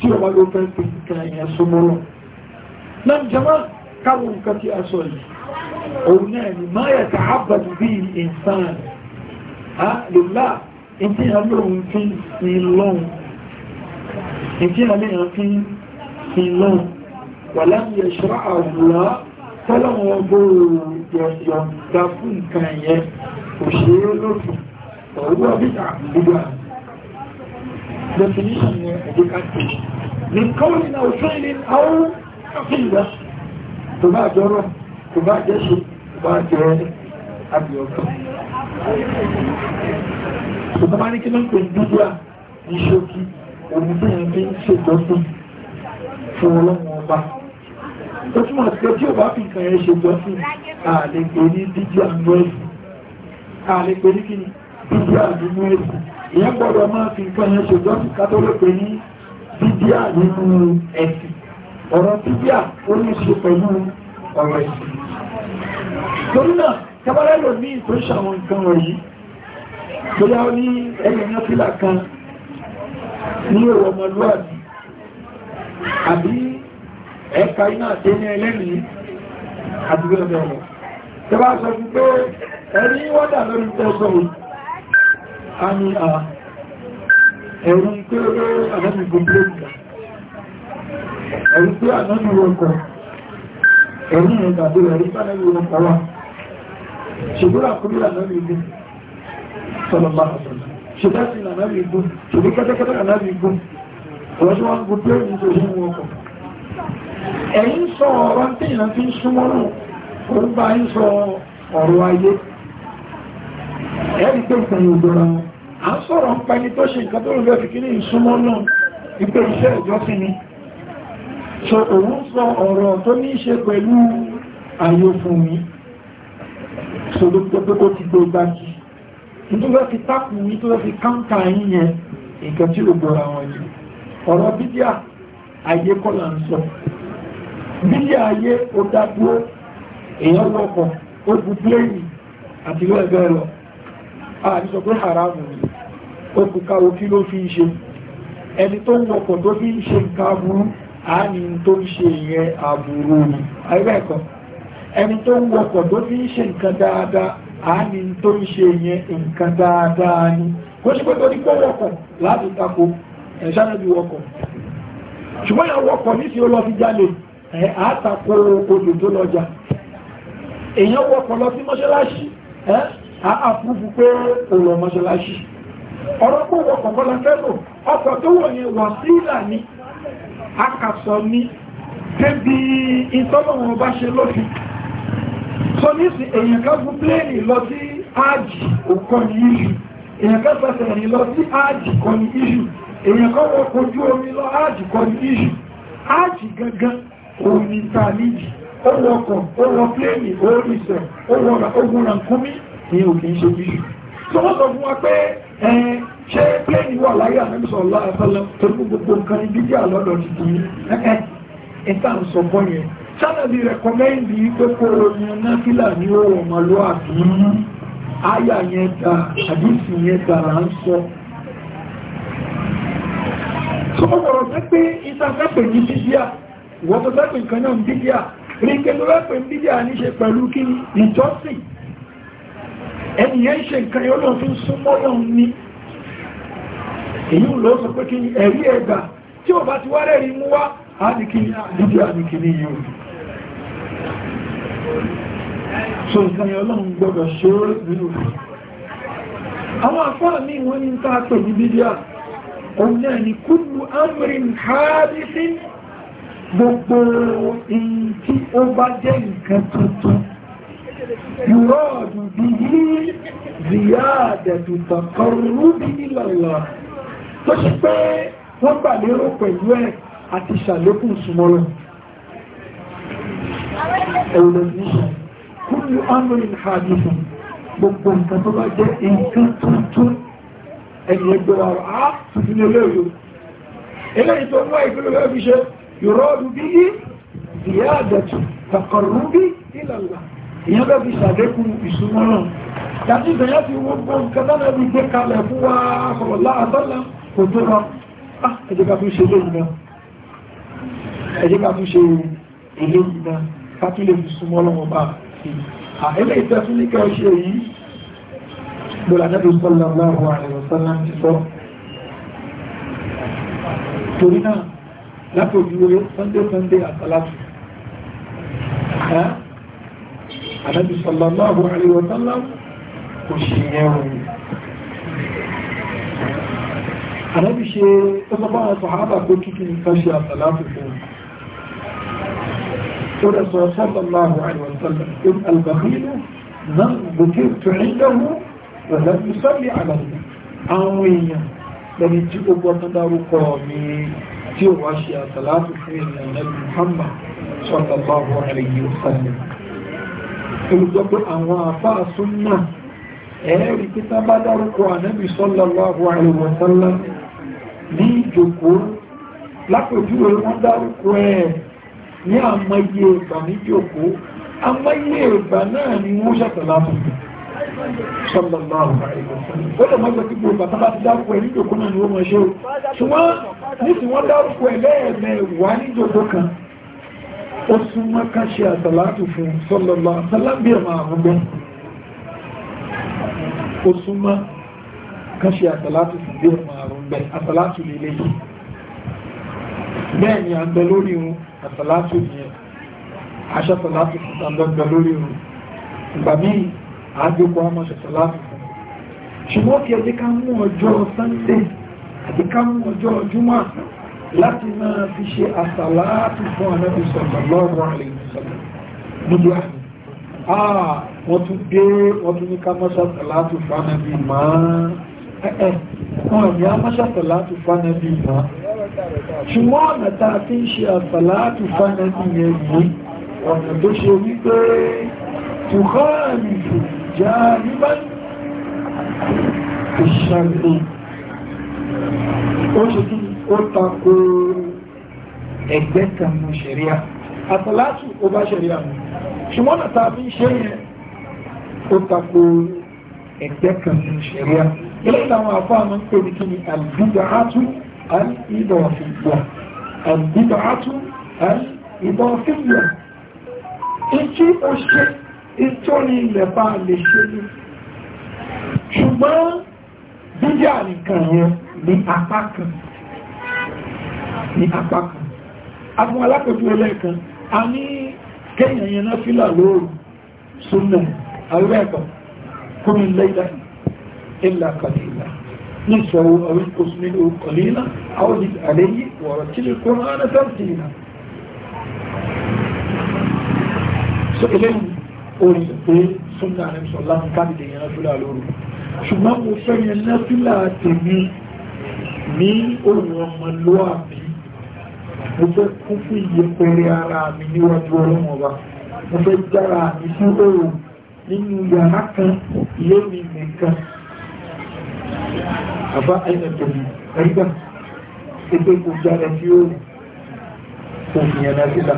tí ọba ló fẹ́ fi nǹkan ẹ̀yàn súnmọ́ lọ. náà káwọn nǹkan tí a sọ yìí òun náà ni máa yẹ ká ábàdì bí ìsàn á lè lá ìtí àlóhun fi sin lọ́hun ìtí àléhàn fi sin lọ́hun wà láti ẹ̀ṣọ́ àwùrá tọ́lọ́wọ́ gbòòrò yọ̀ǹda fún nǹkan ẹ̀yẹ òṣèré lófin ọ̀rọ̀ bí definition yẹn ìdíkàtì nìkan ní náà òṣèlú àwọn àfihàn tó bá jọrọ tó bá jẹ́sù bá jẹ́ àbíọ̀gá tó bá ní kí ló ń pè dúdú à ní ṣókí òun tó yẹn fi ń fún ọlọ́run ọba ó túnmọ̀ sí pé tí ò bá fi nǹkan yẹn ṣèjọ́sìn àlèpé ní dídí àmúẹ́sì àlèpé ní kí ni dídí àmúẹ́sì ìyẹn gbọ́dọ̀ máa fi nǹkan yẹn ṣe jọ́sí kátólópè ní bíbíà nínú ẹ̀sìn ọ̀rọ̀ bíbíà ó ní ṣe pẹ̀lú ọ̀rọ̀ ẹ̀sìn torí náà tabarẹ́ lò ní ìtò ìṣàwọn nǹkan wọ̀nyí tó yá ní ẹ̀yìn yẹn fìlà kan ní èrò ọmọlúwàbí àbí ẹ̀ka iná àtẹ́ni ẹlẹ́rìí àdúgbò ẹ̀bẹ̀rẹ̀ tẹ́bá sọ fún pé ẹni wọ́n lórí tẹ́sọ̀ a ní à ẹ̀rù pé ànábì gbogbo ẹ̀rù pé ànábì wọkọ̀ ẹ̀rù yẹn tàbí ẹ̀rù pé ànábì wọkọ̀ wà ṣùgbọ́n àkúrí ànábì gbogbo sọlọ́bà ṣùgbọ́n sí ànábì gbogbo ṣùgbọ́n kẹ́tẹ́kẹ́tẹ́ ànábì gbogbo ọ̀rọ̀ tí wọ́n gbogbo ẹ̀rù tó ṣe wọkọ̀ ẹ̀yìn sọ ọ̀rọ̀ tí ìrántí súnmọ́rùn-ún orúgbà ń sọ ọ̀rọ̀ ayé ẹ̀rí pé nǹkan yóò gbọ́ra wọn a ń sọ̀rọ̀ ń pa ẹni tó ṣe nǹkan tó rẹ̀ lọ́fi kí ní ìsúnmọ́ náà wípé iṣẹ́ ìjọsìn ni so òun sọ ọ̀rọ̀ tó ní í ṣe pẹ̀lú ayò fún mi so ló pẹ́ pé kó ti gbé gbájú nítorí wọ́n fi tápù mi tó fi káńtà yín yẹn nǹkan tí ó gbọ́ra wọn yìí ọ̀rọ̀ bídíà ayé kọ́ ń sọ bídíà ayé ó dá dúró èèyàn lọ́kọ̀ ó bu pléènì àti lọ́ẹ̀bẹ̀ lọ àdìsọ pé haramu ni ó kù káwo kí ló fi ń ṣe ẹni tó ń wọkọ̀ tó fi ń ṣe nǹkan aburú àání tó ń ṣe ìyẹn aburú ni àìbẹ́ẹ̀kọ́ ẹni tó ń wọkọ̀ tó fi ń ṣe nǹkan dáadáa àání tó ń ṣe ìyẹn nǹkan dáadáa ni kó ṣe pé tó ní kó láti tako ẹ̀ṣánàbí wọkọ̀ ṣùgbọ́n ìyàwó ọkọ̀ ní sí olófi jálè ẹ̀ àtakò odò tó lọ́jà èèyàn wọkọ̀ lọ sí mọ́ṣáláṣí ẹ́ àá fúnfún pé òun ọmọ ṣọláṣì ọ̀rọ̀ pé wọ́n kọ̀kọ́ la fẹ́ lò ọkọ̀ tó wọ̀ yẹn wà sí ìlà ni akàsọ̀ ni tẹ́bi ìtọ́lọ̀wọ̀n bá ṣe lófin so nísìn èyàn ká fún pléènì lọ sí áàjì òkọ́ ní ìṣù èyàn ká fẹ́sẹ̀ rìn lọ sí áàjì kọ́ ní ìṣù èyàn kọ́ wọ́n kojú omi lọ áàjì kọ́ ní ìṣù áàjì gangan òun ní ó wọkọ̀ ó wọ pléènì ó rìsẹ̀ ó wọ ogun rànkúmí ní òkè ṣe bí tó wọ́n sọ fún wa pé ẹn ṣe pléènì wà láyé àmẹ́bísọ̀ ọláàtọ́lọ́ tó ní gbogbo nǹkan ibi díà lọ́dọ̀ ti di ẹ̀ẹ́ ẹ̀ta ń sọ bọ́ yẹn sánàbí rẹ̀kọ́mẹ́ndì pé kó yan náfìlà ní òòrùn ọmọlúwàbí áyà yẹn ta àdìsí yẹn ta à ń sọ tó ọ̀rọ̀ pé pé ìtafẹ́pẹ̀ ní bíbíà wọ́n tó fẹ́pẹ̀ nǹkan náà bíbíà rí kẹ́lú rẹ́pẹ̀ bíbíà ní ṣe pẹ̀lú kí ìjọsìn ẹni yẹn ṣe nǹkan yóò lọ fi súnmọ́ náà ní èyí ló sọ pé kí ẹ̀rí ẹ̀gbà tí ò bá ti wá rẹ̀ rí mú wá ánìkìní àdídí àníkìní yóò so nǹkan yẹn ọlọ́run gbọ́dọ̀ ṣe ó nínú rẹ̀ àwọn afọ́nà ní wọ́n ní ta pè ní bídíà òun náà ni kúlù amrin hadithin gbogbo ìyìn tí ó bá jẹ́ nǹkan tuntun يراد به زيادة تقرب إلى الله تشبه ṣe pé wọ́n gbà lérò pẹ̀lú ẹ̀ àti ṣàlékún súnmọ́lọ́ ẹ̀wọ̀n ìṣẹ́ kúrò amurin hadith gbogbo nǹkan tó bá jẹ́ nǹkan tuntun ẹni ẹgbẹ́ wa á tuntun ilé òyò eléyìí tó wá ìpínlẹ̀ lẹ́fíṣẹ́ yòrọ́ọ̀dù bí i ìyá àdẹ̀tù taqarrubi ila Allah èyàn bẹ́ fi ṣàlékù ìsúnmọ́ràn yàtí ìgbẹ̀yà fi wọ́n gbọ́n kẹtàlẹ̀ bí gbé kalẹ̀ fún wa sọ̀rọ̀ láàtọ́lá kò tó wa ah, ẹjẹ́ká tún ṣe lóyìn náà ẹjẹ́ká tún ṣe eléyìn náà kátó lè fi súnmọ́ lọ́wọ́ bá sí àẹ́lẹ́ ìfẹ́ fún ní kẹ́ ṣe yìí lọ́la nẹ́bí sọ́lá láàrùn àrẹ̀wọ̀ sọ́lá ti sọ torí náà látòjú Sunday Sunday àtàlátù àdájú sallallahu alaihi wa sallam kò ṣe yẹn wọn àdájú ṣe ọsọ́bá àwọn sọ̀hábà tó kíkí nǹkan ṣe àsàlátù fún ó rẹ̀ sọ sallallahu alaihi wa sallam in albakhilu nan bukir tó ríndàmú rẹ̀ sọ́lì àlàyé àwọn èèyàn lẹ́ni tí ó wá ṣe àsàlátù fún èèyàn lẹ́nu Muhammad sallallahu alaihi wa sallam olùsọ pé àwọn àfáà súnmà ẹ̀ẹ́rì títà bá dárúkọ ànábì sallallahu alaihi wa sallam ní ìjòkó lápòjúwé wọ́n dárúkọ ẹ̀ ní àmọ́yé ìgbà ní ìjòkó àmọ́yé ìgbà náà ni wọ́n ṣàtàlá fún sallallahu alaihi wa sallam ó lè mọ́jọ kí gbogbo bàtà bá ti ó súnmọ́ ká ṣe àtàlátù fún sọ́lọ́lọ́ àtàlábíọ̀mà àmúgbọ́ ó súnmọ́ ká ṣe àtàlátù fún bíọ̀mà àrùngbẹ̀ àtàlátù lélẹ̀ yìí bẹ́ẹ̀ ni àgbẹ lórí irun àtàlátù yẹn aṣàtàlátù fún tàbí lórí irun ìgbà míì àádókò àmọ́ ṣàtàlátù fún ṣùgbọ́n kí ọjọ́ sunday àti mú ọjọ́ júmọ́ láti máa fi ṣe àsàlátù fún ànábì sallallahu alaihi wasallam nílùú àmì ah, àà wọ́n tún dé wọ́n tún ní ká máa ṣàsàlátù fún ànábì máa ẹ̀ẹ́ eh, eh, wọ́n ní a máa ṣàsàlátù fún ànábì máa ṣùgbọ́n ọ̀nà tá a fi ń ṣe àsàlátù fún ànábì yẹn yìí ìṣàlẹ̀ ó ṣe tún ó tako ẹgbẹ́ kan ní ṣẹ̀ríà àtàlátù ó bá ṣẹ̀ríà mú ṣùgbọ́n náà tàbí ṣe yẹn ó tako ẹgbẹ́ kan ní ṣẹ̀ríà ilé ìtàwọn àfáàmù ń pè ní kí ni àlùbídàátù àìdọ̀ọ̀fìyà àlùbídàátù àìdọ̀ọ̀fìyà ìtí ó ṣe ìtọ́ni ilẹ̀ bá lè ṣe ni ṣùgbọ́n bíjà nìkan yẹn ní apá kan ní apá kan agun alápẹ̀fẹ́ ẹlẹ́ẹ̀kan a ní kẹ́yìn yẹn náà fílà lóòrùn súnmọ̀ àwẹ́ẹ̀kọ́ kúmin lẹ́yìn ilẹ̀ kàlílà ní ìṣòro àwọn kòsùnmílò kàlílà àwọn àlẹ́yìn wọ̀rọ̀ kí ṣùgbọ́n mo fẹ́ yẹn náà fílà tèmi ní òun ọmọ lọ́wọ́ mo fẹ́ kún fún ìyẹpẹrẹ ara mi níwájú ọlọ́run ọba mo fẹ́ jára mi sí òòrùn nínú yàrá kan ilé mi nìkan àbá ẹ̀ẹ́dẹ̀tọ̀ ẹgbà ẹgbẹ́ kò jára sí òòrùn kò fìyàn náà síta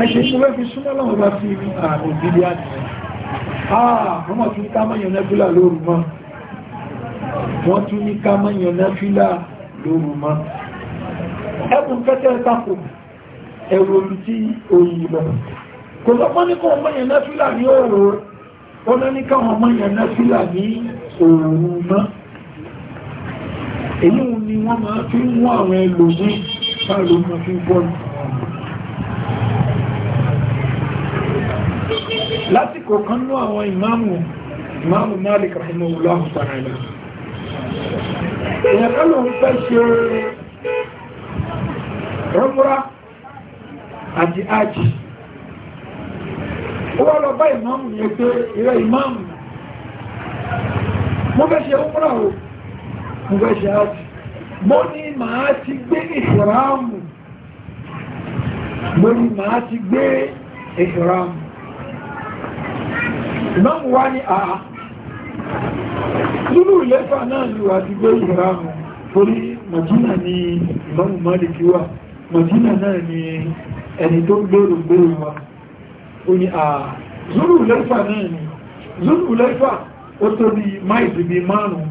ẹ̀ṣẹ́ ṣe wẹ́ fi súnmọ́ lọ́wọ́ bá fi ààrùn ìdílé àdìyàn ah, ọmọ tún ká mọ́yàn nẹ́fílà lóòrùn mọ́ wọ́n tún ní ká mọ́yàn nẹ́fílà lóòrùn mọ́ ẹkùn kẹ́kẹ́ẹ̀ta kò ẹ̀rọ omi tí oyin lọ kò lọ́pọ̀ ní kọ́ ọmọ yẹn náfílà ní òòrò ó náà ní káwọn ọmọ yẹn náfílà ní òòrò mọ́ èyí ni wọ́n máa fi ń wọ́n àwọn ẹlòmí sáàlò máa fi bọ́ọ̀lù lásìkò kan ní àwọn ìmáàmù ìmáàmù Malik rahimahullah ta'ala èyàn kálò ń fẹ́ ṣe ọmọra àti ájì ó wá lọ bá ìmáàmù yẹn pé ìrẹ ìmáàmù mo fẹ́ ṣe ọmọra o mo fẹ́ ṣe ájì mo ní màá ti gbé ìfìràmù mo ní màá ti gbé ìfìràmù ìmáàmù wá ní àá nínú ìlẹ́fà náà ni wà ti gbé ìfìràmù torí màjínà ni ìmáàmù Málíkì wà Mọ̀dínà náà ni ẹni tó gbèrò gbèrò wa ó ní àà zúrù lẹ́fà náà ni zúrù lẹ́fà ó tó bí máìsì bí márùn-ún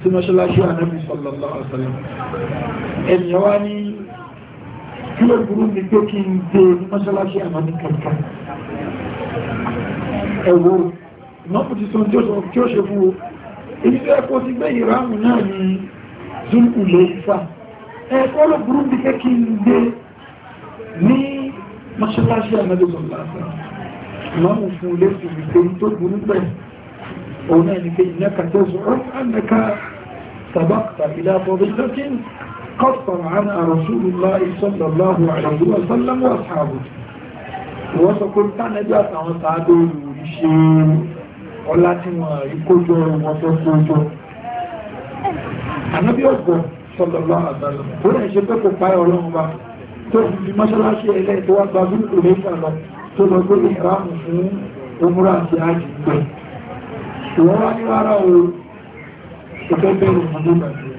sí mọ́ṣálásí ànábì sallallahu alaihi wasallam ènìyàn wá ní kí ló burú ní pé kí n dé ní mọ́ṣálásí ànábì kankan ẹ̀wọ́ náà ti ẹ̀kọ́ ló burú bí kẹ́ kí n gbé ní mọ́ṣáláṣí àmẹ́lẹ́sọ̀ lásán ìmọ̀mù fún lẹ́sù wípé tó burú bẹ̀ òun náà ní kéjì náà kàtẹ́ sọ̀rọ̀ ánàká sabaqta ila fadilatin qattara ana rasulullahi sallallahu alaihi wa sallam wa ashabuhu wọ́n àtàwọn sàádọ́ olùrí ṣe ọlá tí wọ́n rí kójọ wọn fẹ́ kójọ ànábí ọ̀gbọ̀n sọ́lọ́lá àtàlọ́ ó lè ṣe pé kò páyà ọlọ́run bá tó fi mọ́ṣáláṣí ẹlẹ́ tó wá gba búrúkú lè kà lọ tó lọ gbé ìráàmù fún omúra àti ájì pé ìwọ́n wá ní rárá o ìfẹ́ bẹ̀rù mọ́lú bàjẹ́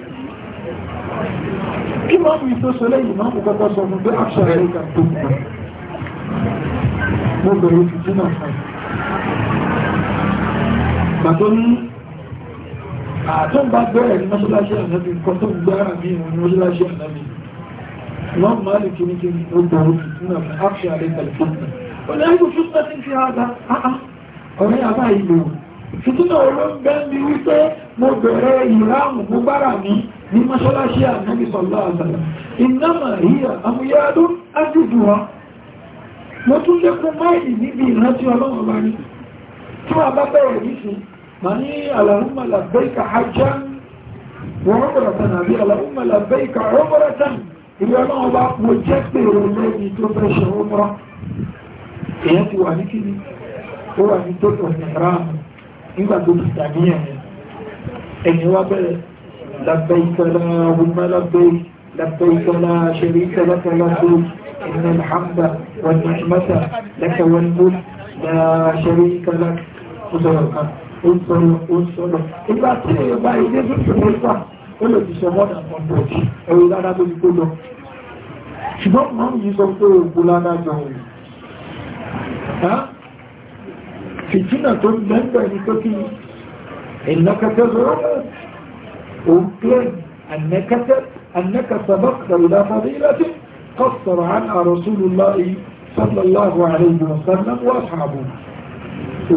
kí máa mú ìtọ́sọ lẹ́yìn máa mú kọ́kọ́ sọ fún pé àṣà rẹ̀ kà tó mú mo bẹ̀rù ìtìjú náà fún àtọ́ bá gbẹ́rẹ̀ ní mọ́ṣáláṣí ànábì nǹkan tó gbára bí wọn ní mọ́ṣáláṣí ànábì wọ́n máa lè kí ní kí ní ó gbọ́rọ̀ nínú àwọn áfíà rẹ̀ kàlùkùnrin ọ̀lẹ́ ìlú fúnpá ti fi hàdá ah, ah. ọ̀rẹ́ àbá ìlú مني اللهم لبيك حجا وعمرة أبي اللهم لبيك عمرة إلا náà bá mo تبرش pèrò lẹ́yìn tó fẹ́ ṣe ọmọrá èyàn ti wà ní kíni ó wà ní tó tọ̀ لبيك لبيك لا شريك لك لبيك إن الحمد والنعمة لك والملك لا شريك لك مدركات ó sọ̀rọ̀ ó sọ̀rọ̀ ìgbà tí èèyàn gba ilé tuntun ló fà ó lè ti sọ mọ́dà pọ̀pọ̀ ẹ̀rọ dáadáa tó ti kó lọ ṣùgbọ́n mọ́ yìí sọ pé òkú ládá jọ òun fìtínà tó gbẹ́gbẹ́ ní tó kí ìnákẹ́kẹ́ sọ̀rọ̀ òun pẹ́ ànẹ́kẹ́kẹ́ ànẹ́kẹ́sẹ̀ bọ́kẹ̀ ìlàfàdé ìlàtí kọ́sọ̀rọ̀ àná rasulullah sallallahu alaihi wasallam wà sàbùn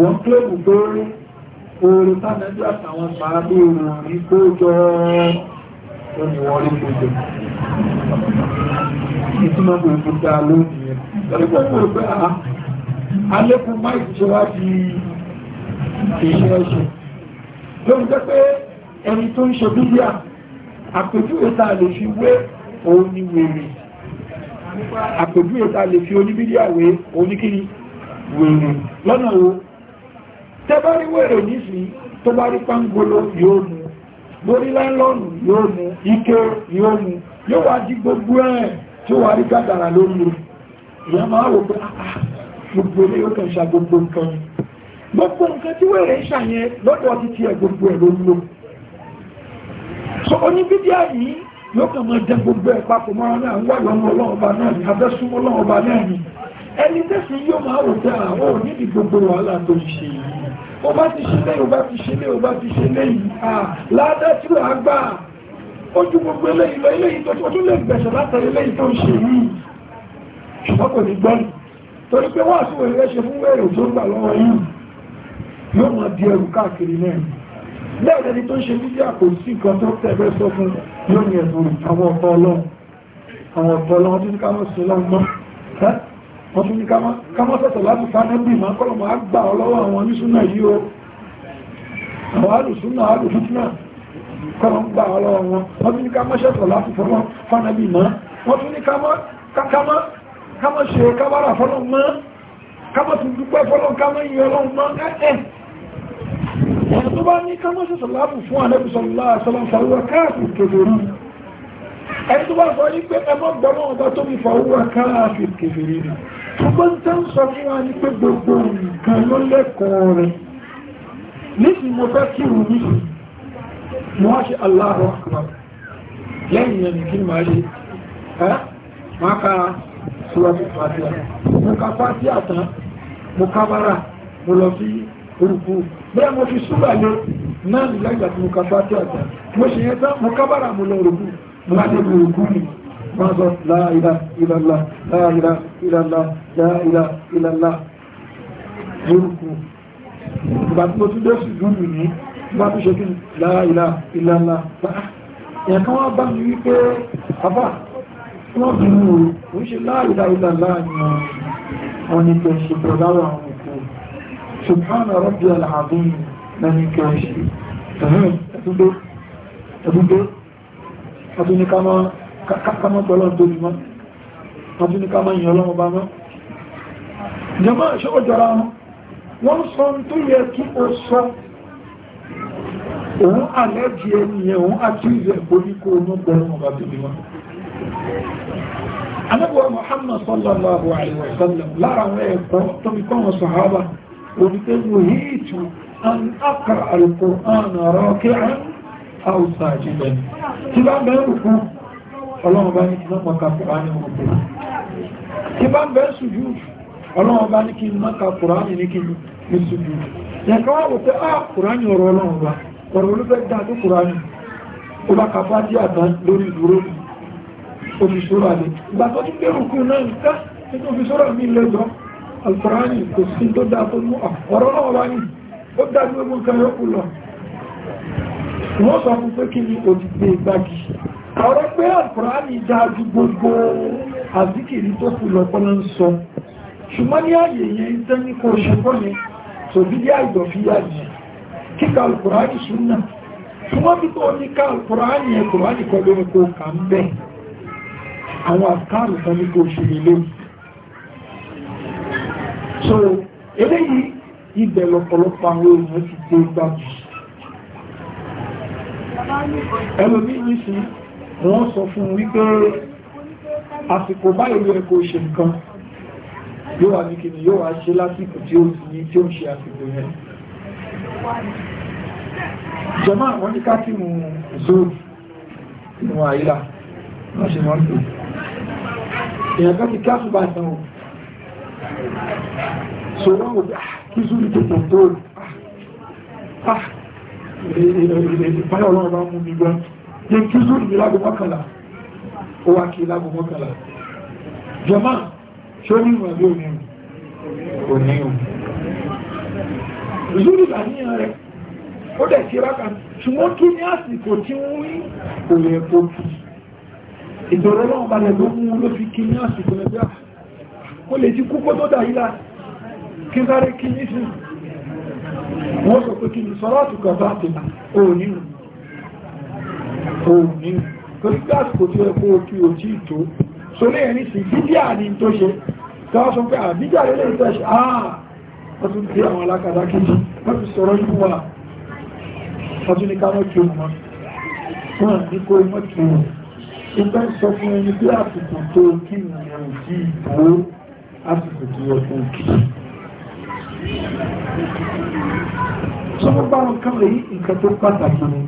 wọ́n pẹ́ oòrùn tánàjú àtàwọn sàábé wọn rí kó jọ ọ̀nà wọn rí kó jọ ìtumọ̀ mọ̀ ẹ̀kọ́ dáa lónìí ẹ̀ tẹ́lẹ̀kọ́ mọ̀ ẹ̀kọ́ àá alẹ́kùn máa ìjọba di èyí ẹ̀ṣẹ̀ ló ń jẹ́ pé ẹni tó ń ṣe bíbíà àpèjúwe tá a lè fi wé òun ni wèrè àpèjúwe tá lè fi oníbídíà wé òun wèrè lọ́nà wo tẹ́bárí wèrò nísìnyí tó bá rí pangolo yóò mú lórí láńlọ́nù yóò mú ike yóò mú yóò wá jí gbogbo ẹ̀ tí ó wà rí gàdàrà lórí rẹ̀ ìyá máa wò pé ah, ah, gbogbo ilé yóò kàn gbogbo nǹkan gbogbo nǹkan tí wèrè ń ṣàyẹn lọ́dọ̀ ti tiẹ̀ gbogbo ẹ̀ ló ń lò so oníbídíà yìí yóò kàn máa jẹ gbogbo ẹ̀ papọ̀ mọ́ra náà ń wà lọ́mọ ọlọ́ọ̀ba náà ní abẹ́súmọ́ ọlọ́ọ̀ba náà ní ẹni tẹ́sí yóò máa wò pé àwọn ah, onídìí gbogbo wàhálà tó ń ṣe yìí ó bá ti ṣe lẹ́yìn ó bá ti ṣe lẹ́yìn ó bá ti ṣe lẹ́yìn ah. ládá tí ó àgbà ojú gbogbo eléyìí lọ eléyìí tó tó lè gbẹ̀ṣẹ̀ látàrí eléyìí tó ń ṣe yìí ṣùgbọ́n kò ní gbọ́n torí pé wọ́n àti wẹ̀rẹ̀ ṣe fún wẹ̀rẹ̀ tó gbà lọ́wọ́ yìí yóò máa di ẹrù káàkiri náà bẹ́ẹ̀ ni tó ń ṣe bíbí àpò sí nǹkan tó tẹ̀fẹ́ sọ fún yóò ní ẹ̀bùn àwọn ọ̀tọ̀ ọlọ́run àwọn ọ̀tọ̀ ọlọ́run títí ká wọ́n tún ní kámọ́ sọ̀tọ̀ láti fánẹ́bì máa kọ́lọ̀mọ́ á gbà ọlọ́wọ́ àwọn onísúnà yìí o àwọn alùsúnà alùsúnà kọ́lọ̀ ń gbà ọlọ́wọ́ wọn wọ́n tún ní kámọ́ sọ̀tọ̀ láti fánẹ́bì máa wọ́n tún ní kámọ́ ṣe kábára fọ́lọ́ mọ́ kámọ́ tún dúpẹ́ fọ́lọ́ kámọ́ yìí ọlọ́run mọ́ ẹ́ẹ̀ ẹ̀yà tó bá ní kámọ́ sọ̀tọ̀ láti fún àlẹ́bì sọ̀lá àṣọlọ́fàwọ́ káàkiri ẹni tó bá sọ yí pé ẹmọ́ gbọ́mọ́ ọba tó mi fàwọ́ káàkiri kèfèrè rẹ̀ ṣùgbọ́n tó ń sọ fún wa ní pé gbogbo nǹkan ló lẹ́kọ̀ọ́ rẹ̀ nísìn mo fẹ́ kí ìrù mi sùn mo wá ṣe Allahu Akbar lẹ́yìn ẹni kí ni màá ṣe ẹ́ màá ka sùwọ́pù fàtíà mo ka fàtíà tán mo kábàrà mo lọ sí orúkú bẹ́ẹ̀ mo fi súbà lé náà nígbà tí mo ka fàtíà tán mo ṣe tán mo kábàrà mo lọ orúkú mo wá dé orúkú nìyí mọ́sọ̀ láàrídá ìlàlá láàrídá ìlàlá láàrídá ìlàlá lórúkú ìgbà tí mo tún dẹ́sù lónìí ní bá tún ṣe kí láàrídá ìlàlá ẹ̀kan wá bá mi wípé àbá wọ́n bí mú o ń ṣe láàrídá ìlàlá àwọn ní kẹ́ ṣe pẹ̀láwà àwọn òkú subhana rabbi al-azim na ní kẹ́ ṣe ẹ̀dúgbé ẹ̀dúgbé ọdún ní ká kápámọ́ tọ́lọ́ tóbi mọ́ wọ́n tún ní ká máa yìn ọlọ́run bá mọ́ jẹmọ́ ṣe ó jọra wọn wọ́n sọ tó yẹ kí ó sọ òun àlẹ́jì ẹniyàn òun àti ìrẹ̀ oríkó inú gbọ́rùn ọba tóbi Muhammad sallallahu alaihi wasallam lára àwọn ẹ̀kọ́ tó fi kọ́ wọn sọ̀hábà oníkẹ́gbò hìtù an ọlọ́run bá ní kí lọ́mọ ka kùránì wọn pè tí bá ń bẹ́ sùjú ọlọ́run bá ní kí lọ́mọ ka kùránì ní kí ní sùjú yẹ̀ká wà wò pé á ah, kùránì ọ̀rọ̀ ọlọ́run bá ọ̀rọ̀ olúfẹ́ dá tó kùránì ó bá kàfá dí àdá lórí ìdúró olùsọ́rọ̀ àlè ìgbà tó ti bẹ̀rù kú náà nǹkan nínú olùsọ́rọ̀ mi lẹ́jọ́ alkùránì kò sí àwọn pé àkùránì dájú gbogbo àzíkìrí tó kù lọ́pọ́lọ́ ń sọ ṣùgbọ́n ní ààyè yẹn tẹ́ ní kò ṣẹ́kọ́ ni tòbídí àìdọ̀fíyà jì kíkà àkùránì súnà ṣùgbọ́n bí tó ní ká àkùránì ẹkùránì kọ́ lórí kò kà ń bẹ̀ àwọn àkárù kan ní kò ṣe lè lórí so eléyìí ibẹ̀ lọ́pọ̀lọpọ̀ àwọn èèyàn ti dé gbájú ẹlòmí ní sí wọ́n sọ fún wípé àsìkò báyìí rẹ̀ kò ṣe nǹkan yóò wà ní kìnnì yóò wà ṣe lásìkò tí ó ti tí ó ń ṣe àsìkò yẹn jọmọ́ àwọn ní káàkiri zoo inú àìlà ah, ah, ah ìpáyọ̀ ọlọ́run bá jẹ́ kí zúrù ní lágbo mọ́kànlá ó wá kí lágbo mọ́kànlá jọmá ṣó ní ìrìn àbí òní òní òní zúrù làníyàn rẹ̀ ó dẹ̀ sí rákà ṣùgbọ́n tún ní àsìkò tí wọ́n rí òun ẹ̀kọ́ kù ìtọ̀rọ náà balẹ̀ ló mú ló fi kí ní àsìkò ẹgbẹ́ ó lè ti kú kó tó dáyílá kí sáré kí ní sí wọ́n sọ pé kí ní sọ́rọ̀ àtùkọ̀ bá ti ò nínú òní torí gbásìkò tí ó ẹkọ́ ojú ojú ìtò so lè rí sí bídíà ní tó ṣe káwọ́ sọ pé àbídíà lè tẹ́ṣe àà wọ́n tún tí àwọn alákàdá kejì wọ́n tún sọ̀rọ̀ yìí wà wọ́n tún ní ká mọ́kí ọmọ wọ́n ní kó mọ́kí ọmọ ìgbẹ́ sọ fún ẹni pé àsìkò tó kí ìrìn sí ìbò àsìkò tó yẹ fún kí sọ́gbọ́n bá wọn kán lè yí nǹkan tó pàtàkì ni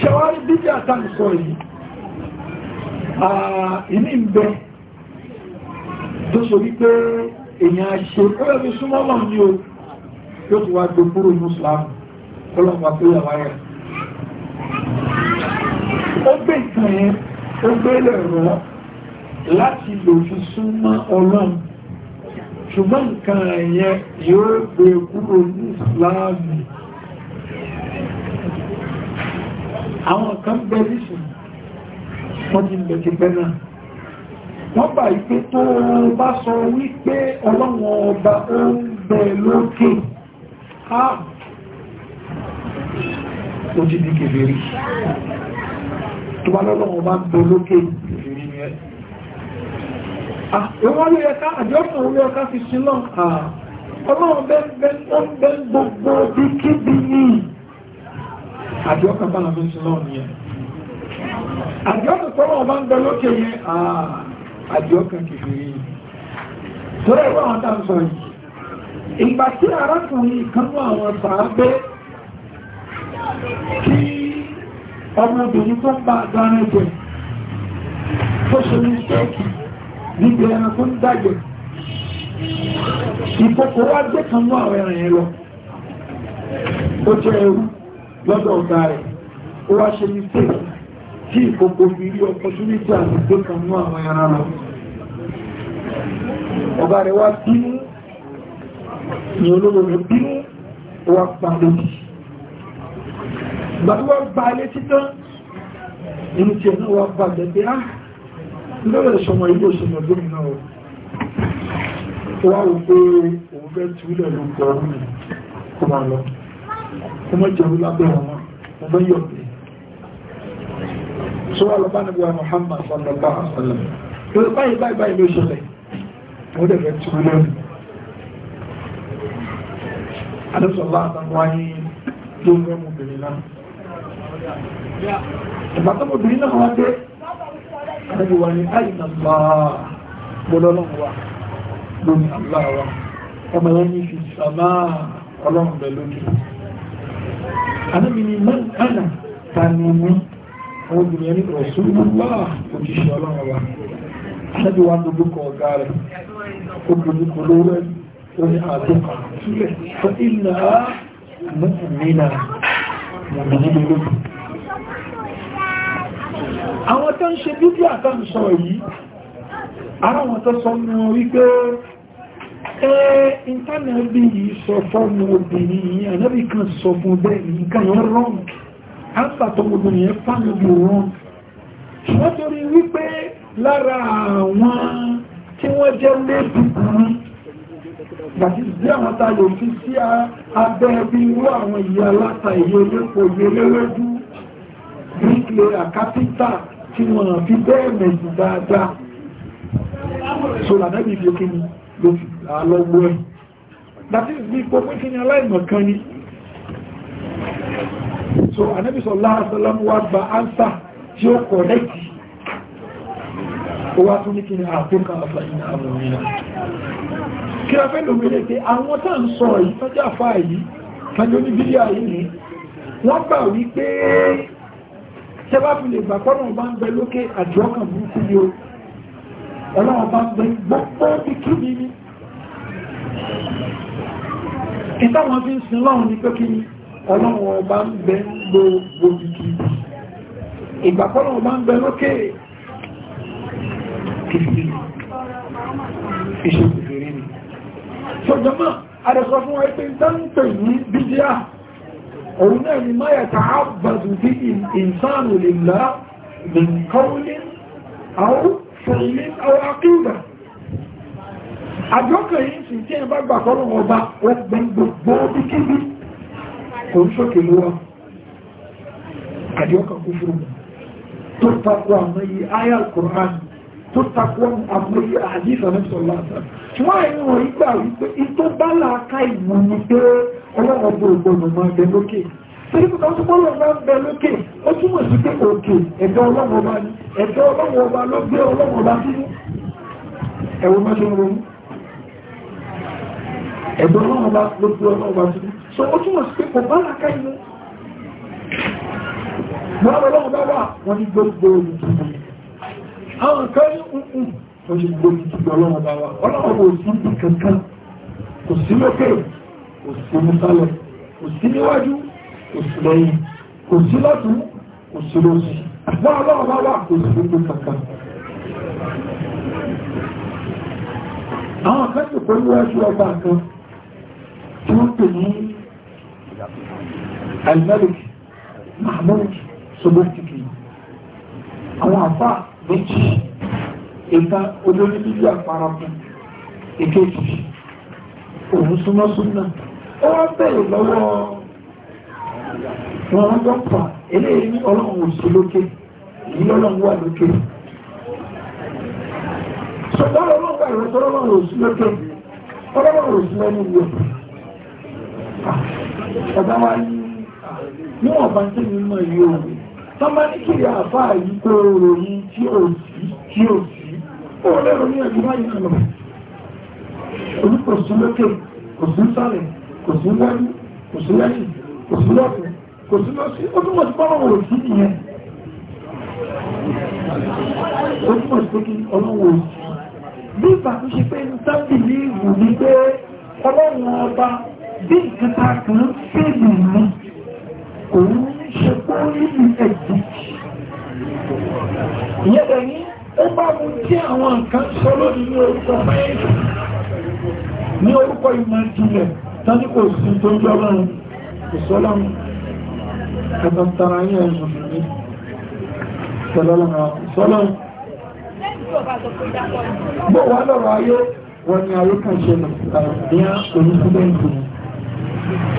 ṣẹwárí bídí àtàǹsọ yìí ìní ń bẹ tó sọ wípé èyàn ṣe kọ́lẹ̀ fi súnmọ́ lọ ní o yóò ti wá gbé kúrò ní islam ọlọ́pàá tó yà wáyà ó gbé ìtàn yẹn ó gbé lẹ̀rọ láti lò fi súnmọ́ ọlọ́run ṣùgbọ́n nǹkan ẹ̀yẹ yóò gbé kúrò ní àwọn kan bẹ nísìn wọ́n ti bẹ̀ ti bẹ́ náà wọ́n gbà wípé tó bá sọ wípé ọlọ́wọ́n ọba ó ń bẹ lókè á ó ti di kèfèrí tó bá lọ́lọ́wọ́n ọba ń bẹ lókè kèfèrí ni ẹ́ ìwọ́n lè ẹ̀ká àjọ́sùn orí ọká fi sílọ́n ọlọ́wọ́n bẹ́ ń gbogbo bí kíbi ní àjọ kan bá lọ́dún sí náà nìyẹn àjọ kan tó wọ́n bá ń bẹ lókè yẹn àjọ kan kìfì yìí tó rẹ̀ wọ́n àwọn dáhùn sọ yìí ìgbà tí arákùnrin ìkanú àwọn sàábé kí ọmọbìnrin tó ń bá agbára ẹgbẹ̀ tó ṣe ní ṣẹ́ẹ̀kì níbi ẹran tó ń dàgbẹ̀ ìkòkò wá gbé kanú àwọn ẹran lọ ó jẹ́ ẹrú lọ́dọ̀ ọ̀gá rẹ̀ ó wá ṣe ní pé kí ìkòkò fi rí opportunity àti tó kan mú àwọn ẹran rẹ̀ ọ̀gá rẹ̀ wá bínú ni olówó rẹ̀ bínú ó wá pa lóbi gbàtí wọ́n gba ilé títán inú tí ẹ̀nà wọ́n gba gbẹ̀gbẹ̀ á ah, lọ́rẹ̀ ṣọmọ ilé òṣèlú gómìnà ọ̀ wọ́n wọ́n pé òun fẹ́ túlẹ̀ lókọ̀ọ́rùn-ún kó máa lọ́pọ̀ kuma jẹun lábẹ́ ọmọ ọmọ yọ pé sọ́wọ́ Muhammad sallallahu alaihi wasallam lórí báyìí báyìí báyìí ló ṣẹlẹ̀ wọ́n dẹ̀ fẹ́ tí wọ́n lọ́rùn adẹ́sọ̀lá àtàwọn ayé ló ń rẹ́mú obìnrin náà ìbátan obìnrin náà wá dé àdébí wa ní àyìn àgbà gbọ́dọ́lọ́run wa lórí àgbà wa ọmọ yẹn ní fi sàmà ọlọ́run bẹ̀ lókè anábì ni mọ́ àná ta ni mí àwọn obìnrin ní ọ̀ṣunmọ́lá òjíṣẹ́ ọlọ́run wa anábì wa dojúkọ ọ̀gá rẹ̀ ó dojúkọ lórí ẹ̀ lórí àdókà sílẹ̀ fún ìlà mọ́tìmínà mọ̀mìnì lóbi àwọn tó ń ṣe dúdú àtàǹsọ̀ yìí ara wọn tó sọ wípé ẹ ìtànàbí yìí sọ fọ́nà obìnrin yìí ànábì kan sọ fún bẹ́ẹ̀ ní nǹkan yẹn wrong ápàtọ̀ obìnrin yẹn fánàbí wrong wọ́n torí wípé lára àwọn tí wọ́n jẹ́ lẹ́bùkún gbàtí sí àwọn tayò fi sí abẹ́ bí irú àwọn ìyá aláta ìyẹ́ olóko ìyẹ́ lẹ́wẹ́dú bíkìlẹ̀ àkápítà tí wọ́n fi bẹ́ẹ̀ mẹ̀jù dáadáa so lànà ìbí òkè ni ló fi àlọ́gbọ́ ẹ̀ that is bí ipò pín kí ni aláìmọ̀kan ni so anábìsọ̀ láàásọ́lámù wá gba ánsà tí ó kọ̀rẹ́kì ó wá tún ní kí ni àkókà a fẹ́ lòmìnà pé àwọn tá ń sọ yìí tọ́jú àfà yìí tọ́jú ní bídíà yìí ni wọ́n gbà wípé tẹ́bá fi lè gbà pọ́nà bá ń bẹ lókè àjọ́kàn burúkú ni o ọlọ́run bá ń bẹ gbọ́gbọ́ bí kí ni ni ìtàwọn bí ń sin lọ́run ní pé kí ọlọ́run ọba ń bẹ ń gbogbo gidi ìgbàkọ́lọ́run ọba ń bẹ lókè kìí iṣẹ́ ìfèrè ni ṣọ́jọ́mọ́ àdẹ́sọ fún ẹgbẹ́ ìtàǹtẹ̀ ní bídíà òun àjọkàn yìí sì tí ẹ bá gbà kọ́lọ̀ ọba ọgbẹ́ gbogbo bí kíbi kò ń ṣókè ló wá àjọkàn kò fún un tó takò àmọ́ yìí ayal Qur'an tó takò àmọ́ yìí àdífà ní sọ̀rọ̀ àtà wọ́n àìní wọn ìgbà wípé ìtó bá làákà ìmú ni pé ọlọ́wọ́ bó gbọ́nà máa bẹ lókè torí kò tó bọ́lọ̀ máa ń bẹ lókè ó túmọ̀ sí pé òkè ẹ̀dọ́ ọlọ́wọ́ ọba ni ẹ̀dọ́ ọlọ́wọ́ ọba ló gbé ọlọ́wọ́ ọba sínú ẹ̀wọ̀n máa ṣe ń ronú ẹ̀dọ́ náà bá lójú ọ̀nà ọba tó so ó túnmọ̀ sí pé kò bá làkà inú báwọn ọlọ́run bá wà wọ́n ti gbogbo olùdíje àwọn kan ní nkùn wọ́n ti gbogbo olùdíje ọlọ́run bá wà ọlọ́run kò sí ibi kankan kò sí lókè kò sí nísàlẹ̀ kò sí níwájú kò sí lẹ́yìn kò sí lọ́tún kò sí lósì báwọn ọlọ́run bá wà kò sí gbogbo kankan àwọn kan ti pẹ̀lú ẹ̀ṣù ọba kan tí wọ́n pè ní alimẹ́lìkì mahmoud sobotiki àwọn àfà méjì ìta olórí bíbí àparapọ̀ ìkejì òun súnmọ́ súnmọ́ ó wá bẹ̀rẹ̀ lọ́wọ́ wọn dọ́pà eléyìí ní ọlọ́run òsì lókè ní ọlọ́run wà lókè sọ̀tọ́ ọlọ́run wà lókè ọlọ́run òsì lókè ọ̀gá wa ní níwọ̀n bá ń tẹ́ mi mọ̀ yìí o tọ́mọ ní kí àfá yìí kó ròyìn tí ó sí tí ó sí ó lérò ní ẹ̀jú báyìí kan lọ orí kò sí lókè kò sí sálẹ̀ kò sí wẹ́lú kò sí lẹ́yìn kò sí lọ́kùn kò sí lọ́sí ó túnmọ̀ sí pọ́nlọ́wọ̀ ò sí nìyẹn ó túnmọ̀ sí pé kí ọlọ́wọ̀ ò sí bí ìgbà tó ṣe pé ń tábìlì ìrù ni pé ọlọ́run ọba bí ìkẹta kan fèèrè mi òun ṣe pọ́ nínú ẹ̀jì ìyẹ́bẹ̀ ní ó bá mú tí àwọn nǹkan sọ lónìí ní orúkọ mẹ́rin ní orúkọ ìmọ̀ ìjìnlẹ̀ tání kò sí tó jọ lọ́rùn kò sọ lọ́rùn ẹ̀bọ̀ntara ayé ẹ̀sùn ní sọlọ́rùn bó wà lọ́rọ̀ ayé wọ́n ni ayé kan ṣe lọ́rùn ní onífúnlẹ̀ ìjìnlẹ̀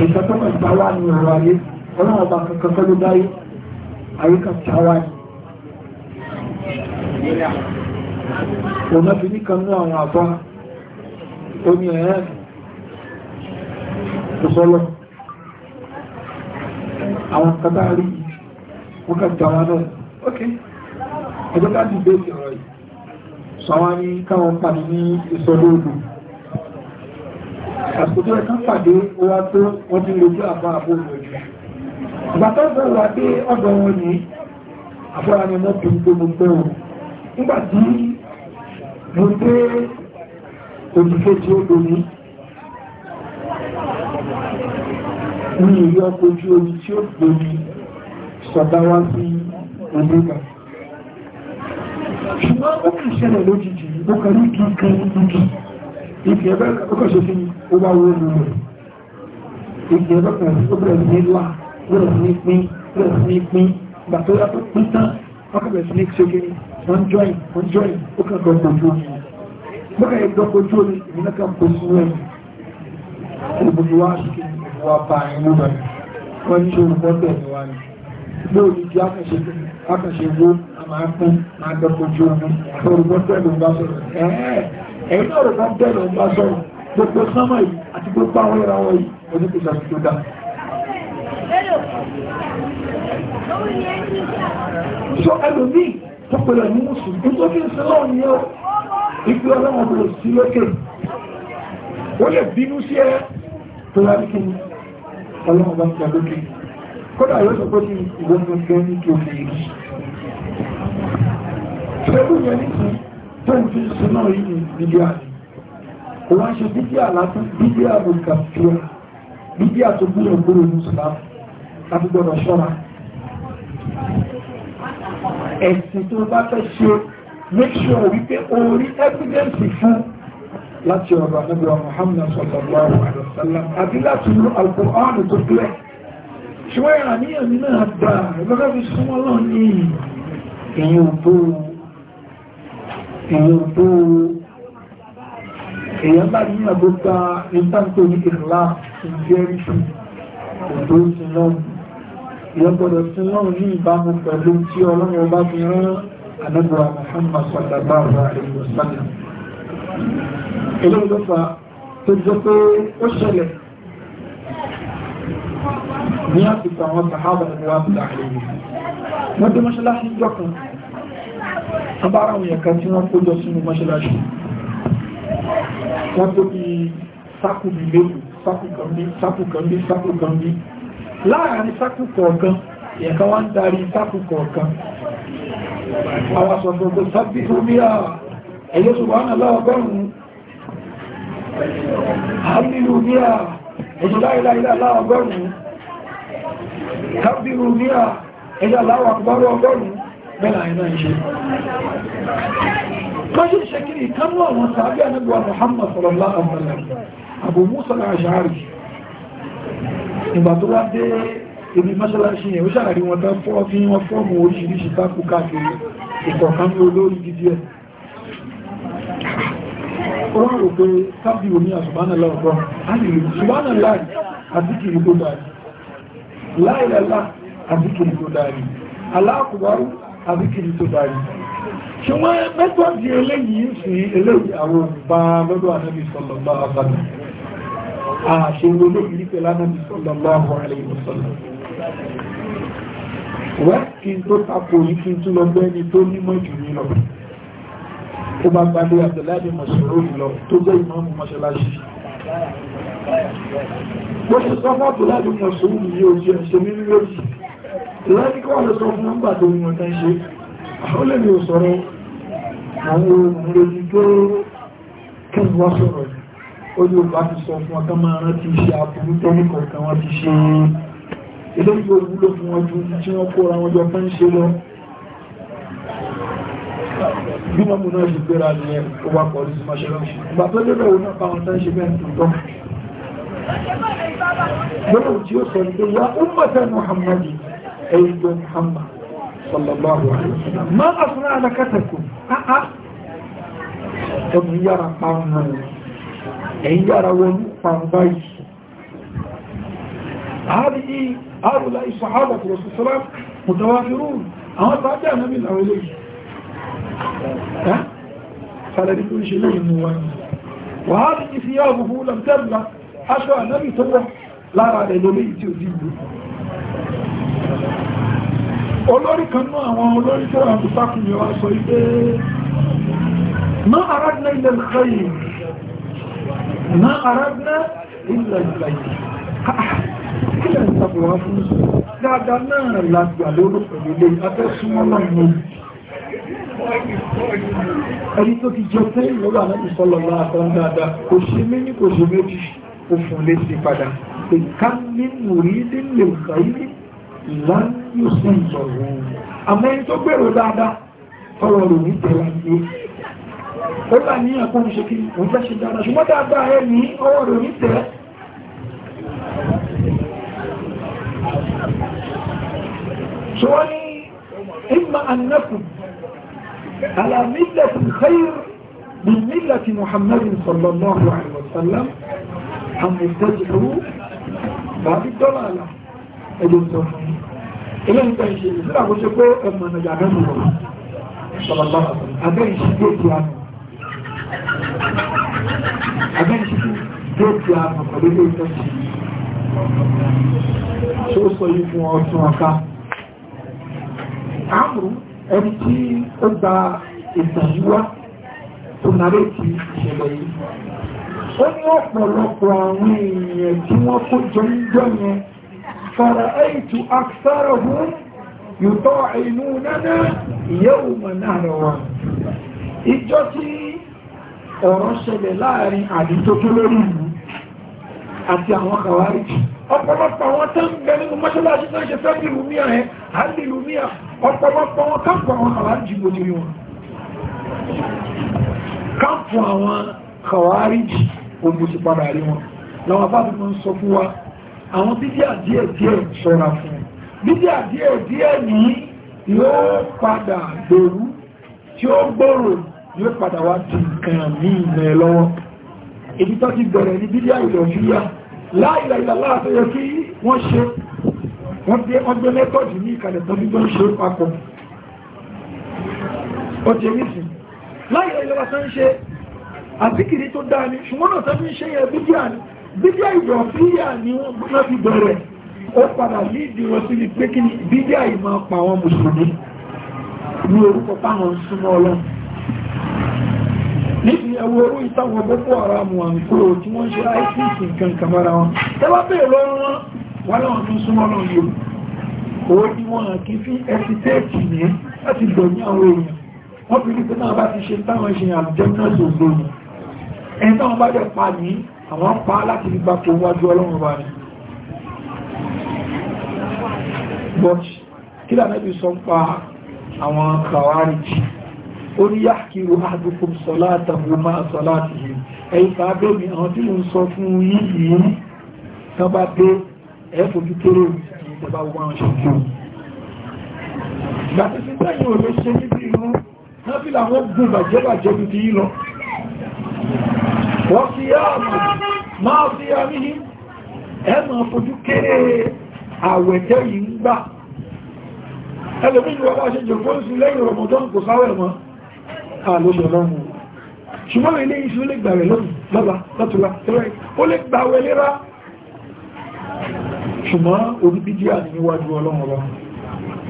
nǹkan tó kàn gbá wà ní ọ̀rọ̀ ayé ọlọ́run ọba kankan tó ló dáyé ayé kan ta wá ní. òun fi ní kan ní àwọn àbá omi ẹ̀rẹ́ kò sọ́lọ́ àwọn kan tá rí wọ́n kàn ta wá náà ok ẹjọ́ ká dìbò ìrọ̀ yìí sọ wá ní káwọn pàdé ní ìsọdọ̀ òdò àkójọ ẹ̀ká pàdé wá tó wọ́n ti lójú àbá àbó ìrọ̀jú ìgbàtọ́ bẹ̀rẹ̀ wá dé ọ̀dọ̀ wọn ní àbúrà ni wọ́n tó ń gbé gbogbo wọn nígbà tí mo dé òṣìṣẹ́ tí ó domi ní ìlú ọkọ̀ ojú omi tí ó domi sọ̀dá wá sí ọdún ṣùgbọ́n ó kìí ṣẹlẹ̀ lójijì ó kàrí kíkan lójijì ìfẹ́ bẹ́ẹ̀ ó kàn ṣe fún ó bá wó nù rẹ̀ ìfẹ́ bẹ́ẹ̀ ó bẹ̀rẹ̀ sí ní lá bẹ̀rẹ̀ sí ní pín bẹ̀rẹ̀ sí ní pín ìgbà tó yàtọ̀ pín tán wọ́n kàn bẹ̀rẹ̀ sí ní ṣe rẹ̀ olùbùdó wa ṣe ní ṣe olùkọ́ bẹ̀ ni wa ni lóò ní ti akàṣe wo àmà pín máa gbọ́kọ̀ ojú omi olùkọ́ bẹ̀ bá sọ̀rọ̀ ẹ̀ẹ́ ẹ̀yìn náà rẹ̀ kan bẹ̀rẹ̀ ọmọ sọ́rọ̀ gbogbo sánmà yìí àti gbogbo àwọn ìràwọ̀ yìí oníkù sàtìtò dá so ẹlòmí tó pẹ̀lú ẹ̀mí mùsùlùmí tó kí n sí lọ́wọ́ ni ó ìpí ọlọ́wọ́ bẹ̀rẹ̀ sí lókè ó lè bínú sí ẹ tó yá kí ni ọlọ́wọ́ bá ń jà lókè kódà yóò sọ pé kí ìwọ́n tó ń gbẹ́ ní kí fi rí tẹ́ǹtì súná yìí bídíà ni wọ́n ṣe bídíà látún bídíà bùkà fíà bídíà tó gbúrò gbúrò ní islam láti gbọ́dọ̀ ṣọ́ra ẹ̀sìn tó bá fẹ́ ṣe make sure wípé orí evidence fún láti ọ̀rọ̀ àdúgbò Muhammad sallallahu alaihi wasallam àbí láti rú al-Qur'an tó kílẹ̀ ṣùgbọ́n ìràníyàn nínú àgbà ìgbọ́gbẹ́ fi súnmọ́ lọ́nà ní èyí èèyàn tó èèyàn bá ní àgbóta ìtàkùn ní ìlà ìjẹ́rìsì òdó sinọ́ọ̀ èèyàn gbọ́dọ̀ sinọ́ọ̀ ní ìbámu pẹ̀lú tí ọlọ́run ọba fi rán anábọ̀ Muhammad sallallahu alaihi wasallam olóògbọ́fà tó jẹ́ pé ó ṣẹlẹ̀ ní àsìkò àwọn sàhábà ìwà àbúdà àlejò wọ́n dé abára àwọn ẹ̀ka tí wọ́n kó jọ sínú mọ́ṣáláṣí wọ́n tó bí sákù bí lóòrùn sákù kan bí sákù kan bí sákù kan bí láàárín sákù kọ̀ọ̀kan ẹ̀ka wá ń darí sákù kọ̀ọ̀kan àwọn sọ̀tọ̀tọ̀ sábí omi à ẹ̀yẹ́ ṣùgbọ́n aláwọ̀gọ́rùn-ún àmìlú omi à ẹ̀ṣù láìláìlá aláwọ̀gọ́rùn-ún kábírù omi à ẹ̀ṣù aláwọ̀gọ́rùn-ún bẹ́ẹ̀ àìná ìṣe kọ́ṣù ṣekiri kánú àwọn sàábí anábíwa Muhammad sallallahu alaihi wasallam Abu Musa al-Ash'ari ìgbà tó wá dé ibi mọ́ṣálásí yẹn ó ṣàrí wọn tán fọ́ fi wọ́n fọ́ọ̀mù oríṣiríṣi tákù káàkiri ìkọ̀kan ní olórí gidi ẹ̀ ó rán rò pé sábì omi àṣùbánàlá ọ̀gbọ́n a lè lè ṣùbánàlá àdíkìrì tó dáa láìlẹ́lá àdíkìrì tó àbí kìí tó bá rí ṣùgbọ́n mẹ́tọ́dì eléyìí sí eléyìí àwọn bá lọ́dọ̀ ànábì sallallahu alaihi wasallam àṣewò lórí pẹ̀lú ànábì sallallahu alaihi wasallam wẹ́ kí n tó tapò yìí kí n tún lọ gbé ẹni tó nímọ̀ jù mí lọ ó bá gbadé àtẹ̀láàdì mọ̀sùlùmí lọ tó jẹ́ ìmáàmù mọ́ṣáláṣí mo ṣe sọ́fọ́ àtẹ̀láàdì mọ̀sùlùmí yóò jẹ́ ìṣẹ́mi lórí ìlàkíkọ́ lọ sọ fún nọ́mbà tó mú ọ̀tá ṣe àwọn lẹ́mí ò sọ̀rọ̀ àwọn olóòrùn tó kẹwàá sọ̀rọ̀ ojú ọba ti sọ fún ọ̀tá máa rán ti ṣe àbúrú tẹ́lú kọ̀ọ̀kan wọ́n ti ṣe eléyìí olúlò fún wọn ju tí wọ́n kóra wọn jọ fẹ́ ń ṣe lọ bí wọ́n mú náà ṣe gbéra ní ọwà kọ̀ọ̀lù sí mọ́ṣẹ́lọ́ṣì ìgbà tó lébẹ̀ bá wọn tán ṣe bẹ́ẹ̀ tí ó sọ ní wá ó mọ̀tẹ́ Muhammadu ẹ̀yìnbó Muhammad sallallahu alaihi wasallam máa àfúnà alákàtàkùn áá ẹ̀mú yára parun náà ẹ̀yìn yára wọnú parun báyìí àárí àrùlá ìṣàhábà tó rọ̀ sọ́lá mutawafirun àwọn tàbí ànábì làwọn eléyìí sálẹ̀rí tó ń ṣe lórí mú wa wàhálì ìfìyà òhun lọ́mtẹ́rù aṣọ ànábì tó wọ́ lára rẹ̀ lórí tí ò dìbò olórí kan náà àwọn olórí tó rà tó sákùnrin wa sọ ipé ma aradna illa al-khayr ma aradna illa al-khayr ah, kílẹ̀ ìtàbùwá fún dáadáa náà lágbà lórí pẹ̀lú ilé afẹ́súnmọ́ náà ẹni tó ti jẹ pé ìlọ́gbà náà sọ́lọ̀ لن يسيرون àmọ́ ẹni tó gbèrò dáadáa tọ́lọ̀ rò ní tẹ̀lá ní ó bá ní ẹ̀kọ́ ń ṣe kí òun fẹ́ ṣe dáadáa ṣùgbọ́n dáadáa ẹ ní ọwọ́ rò ní tẹ̀ ṣe wọ́n ní ìmọ̀ annakun alamílẹ̀kùn khair min millati muhammadin sallallahu alaihi wasallam àmì ìtẹ́jì lówó bàbí dọ́là aláà ẹjọ́ sọ eléyìí kan ṣe nígbà kó ṣe pé ẹmọ ìnàjà mẹ́rin wọ̀ sọ̀rọ̀lọ́ abẹ́ ìṣígbé ti àmì abẹ́ ìṣígbé ti àmì pẹ̀lú ilé ìtọ́ sí ṣe ó sọ yìí fún ọtún ọ̀ká àmùrù ẹni tí ó gba ìtàyíwá tó nàrẹ́ ti ìṣẹ̀lẹ̀ yìí ó ní ọ̀pọ̀lọpọ̀ àwọn èèyàn tí wọ́n فرأيت أكثرهم يطاعنوننا يوم نهروان إجتي أرسل ọ̀rọ̀ ṣẹlẹ̀ láàrin àdìtò tó lórí ìlú àti àwọn kàwárí ọ̀pọ̀lọpọ̀ àwọn tó ń bẹ nínú mọ́ṣáláṣí tó ń ṣe fẹ́bí lùmíà ẹ̀ hálì lùmíà ọ̀pọ̀lọpọ̀ wọn káàpù àwọn kàwárí jì gbò jírí wọn káàpù àwọn kàwárí jì ti padà rí wọn làwọn bá fi mọ́ sọ fún wa àwọn bídíà díẹ̀ díẹ̀ ṣọ́ra fún bídíà díẹ̀ díẹ̀ ní yóò padà gbèrú tí ó gbòòrò yóò padà wá di nǹkan ní ilẹ̀ lọ́wọ́ ibi tó ti bẹ̀rẹ̀ ní bídíà ìlọ̀fíà láìláìlá láàtọ́ yẹ kí wọ́n ṣe wọ́n gbé ọgbẹ́ mẹ́tọ́dì ní ìkàlẹ̀ tó bí tó ń ṣe papọ̀ ó ti rí sí láìláìlá tó ń ṣe àbíkiri tó dáa ní ṣùgbọ́n náà tó fi ń ṣe yẹ bídíà ni bídíà ìjọ̀fíyà ni wọ́n gbọ́nà fi bẹ̀rẹ̀ ó padà ní ìdíwọ̀ sí ní pé kí ni bídíà ìmọ̀ pa àwọn mùsùlùmí ní orúkọ táwọn súnmọ́ ọlọ́run níbi ẹwọ orú ìtàwọn boko haram wà ń kúrò tí wọ́n ṣe isis nǹkan kàmára wọn tẹ́lá bèèrè lọ́rùn wọn wọ́n láwọn tún súnmọ́ náà yóò owó tí wọ́n kí fi ẹsìtẹ́ẹ̀kì ní láti gbẹ̀mí àwọn èèyàn wọ́n fi rí pé náà bá ti ṣe táwọn ṣe àjẹ́ náà tó ẹni táwọn bá jẹ́ pa ní àwọn pa láti fi gbapò wájú ọlọ́run bá ní but kí lànàbí sọ ń pa àwọn kàwárìjì ó ní yá kí o àdúkùn sọlá àtàbí máa sọlá àti yìí ẹ̀yìn tàbí mi àwọn tí mo ń sọ fún yín yìí tán bá dé ẹ̀fòjú kéré ìjọba wọn ṣe jù gbàtẹ́sí tẹ́yìn òwe níbi ìrún náà fi làwọn gùn bàjẹ́bàjẹ́ bí ti lọ wọ́n sí ààbò máa sí àmì ẹ̀mà fojú kéré àwẹ̀tẹ́ yìí ń gbà ẹlòmínú ọlá ṣe jòkó sí lẹ́yìn ọmọdún kò sáwẹ̀ mọ́ àlóṣọ̀lọ́mù ṣùgbọ́n ilé iṣẹ́ lè gbàwẹ̀ lọ́la lọ́tùlá tẹ́rẹ ó lè gbàwẹ̀ lera ṣùgbọ́n orí bíjí àníwájú ọlọ́run ọba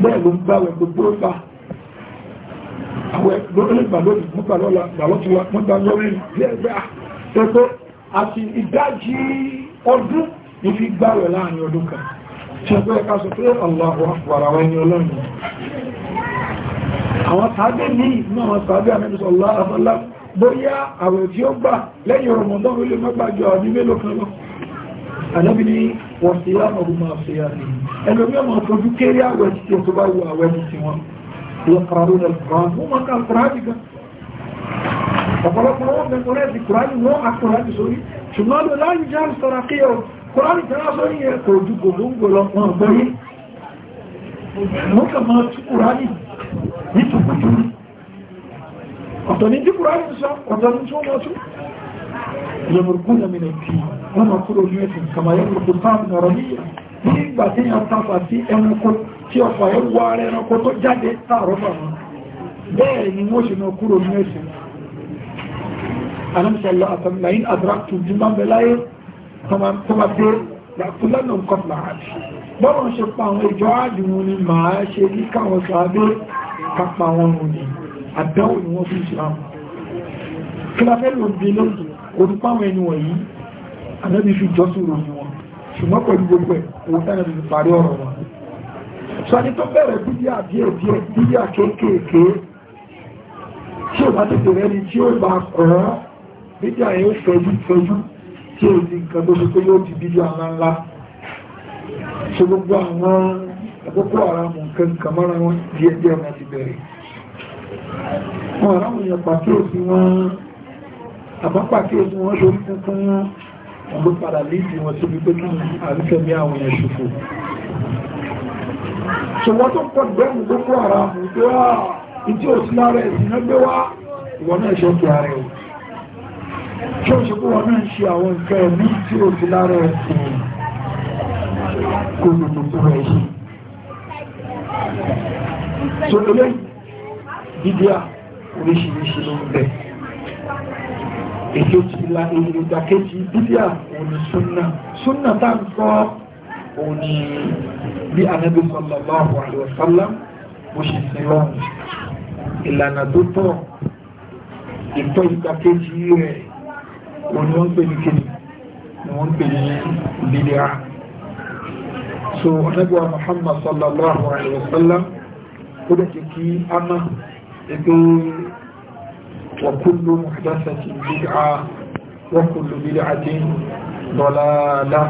bẹ́ẹ̀ ló ń gbàwẹ̀ gbogbo ọgbà àwẹ̀ lórí gbà lórí mọ́gbà lọ́la gbà lọ́tùlá mọ́gbà lọ́rin lẹ́gbẹ̀ẹ́ tó pé àti ìdájí ọdún ní fi gbáwẹ̀ láàrin ọdún kan tí ó pẹ́ ká sọ pé Allahu Akbar àwọn ẹni ọlọ́run àwọn tàbí ní ìgbìmọ̀ àwọn tàbí àmẹ́bìsọ̀ aláàbọ̀lá bóyá àwẹ̀ tí ó gbà lẹ́yìn ọ̀rọ̀mọ̀dán ilé mọ́gbàjọ àbí mélòó kan lọ àdábí ní wọ́n sí láàrín ọdún máa fi àrí ẹlòmí ọmọ ọ̀tọ́jú kéré àwẹ̀ tí ó tó bá wù àwẹ̀ ọ̀pọ̀lọpọ̀ wọn mẹ́kọ̀ọ́rẹ́ ti kùránì wọ́n akùránì sórí ṣùgbọ́n ló láyé já ń sọ́ra kí ọ kùránì tẹ́lá sórí yẹ kò jù kò ló ń gbọ́ lọ wọn gbọ́ yé wọ́n kà máa tú kùránì ní tùkùtù ọ̀tọ̀ ní tí kùránì sọ ọ̀tọ̀ ní tí wọ́n mọ́ tú yẹmùrùkúnà mi nàìjí wọ́n máa kúrò ní ẹ̀sìn kàmá yẹmùrùkú táàmù nọ̀rọ̀ níyà ní sí ẹranko tí ọ̀pọ̀ ẹ̀ wọ ẹranko tó jáde táàrọ́ bàmọ́ bẹ́ẹ̀ ni wọ́n ṣe náà kúrò ní ẹ̀sìn anamsọ̀lọ́ àtàmìlàyìn àdúràtù jùmọ́ bẹ̀láyé kọmàtẹ́ làkúlẹ́nà kọfà àti bọ́rọ̀ ṣe pa àwọn ìjọ àdìmú ni màá ṣe ní káwọn sàádé kápá wọn rùn ní àdáwò ni wọ́n fi islam kílafẹ́ ló ń bí lóòdù orúkọ àwọn ẹni wọ̀nyí anábì fi jọ́sùn ròyìn wọn ṣùgbọ́n pẹ̀lú gbogbo ẹ̀ òun tẹ́lẹ̀ fi parí ọ̀rọ̀ wọn sọ́ni tó bẹ̀rẹ̀ bídíà díẹ̀ díẹ̀ bídíà kéékèèké tí ò bá tètè rẹ́ni tí ó bá kọ́ bídíà yóò fẹ́jú fẹ́jú tí ó di nǹkan tó fi pé yóò di bídíà ńláńlá ṣe gbogbo àwọn àkókò ara mọ̀ nǹkan kàmára wọn díẹ̀ díẹ̀ wọn ti bẹ̀rẹ̀ wọn ará wọn yẹn pàkíyèsí wọn àmọ́ pàkíyèsí wọn lórí tuntun wọn wọn ló padà léèdì wọn síbi pé kí àrífẹ́mí àwọn yẹn ṣòfò ṣùgbọ́n tó pọ̀ gbẹ́mù gbogbo ara mọ̀ pé wá ah, ìdí òsínlára ẹ̀sìn náà gbé wá ìwọ náà ṣọ́kì ara ẹ̀ tí o ṣe kó wọn náà ṣe àwọn nǹkan ẹ̀mí tí ó fi lára ẹ̀sìn kó lòlò tó rẹ̀ ṣe tó lè dídíà oríṣiríṣi ló ń bẹ èyí ti la ìrìndàkejì dídíà òní súnà súnà tá ń sọ òní bí anábì sallallahu alaihi wasallam bó ṣe sin lọ́run ìlànà tó tọ́ ìtọ́ ìdàkejì rẹ̀ wọ́n ni wọ́n pè ní kíni ni pè ní bídíà so ọ̀nẹ́gbà Muhammad sallallahu alaihi wasallam ó dẹ̀ ti kí a mọ́ ẹgbẹ́ وكل محدثة بدعة وكل بدعة ضلالة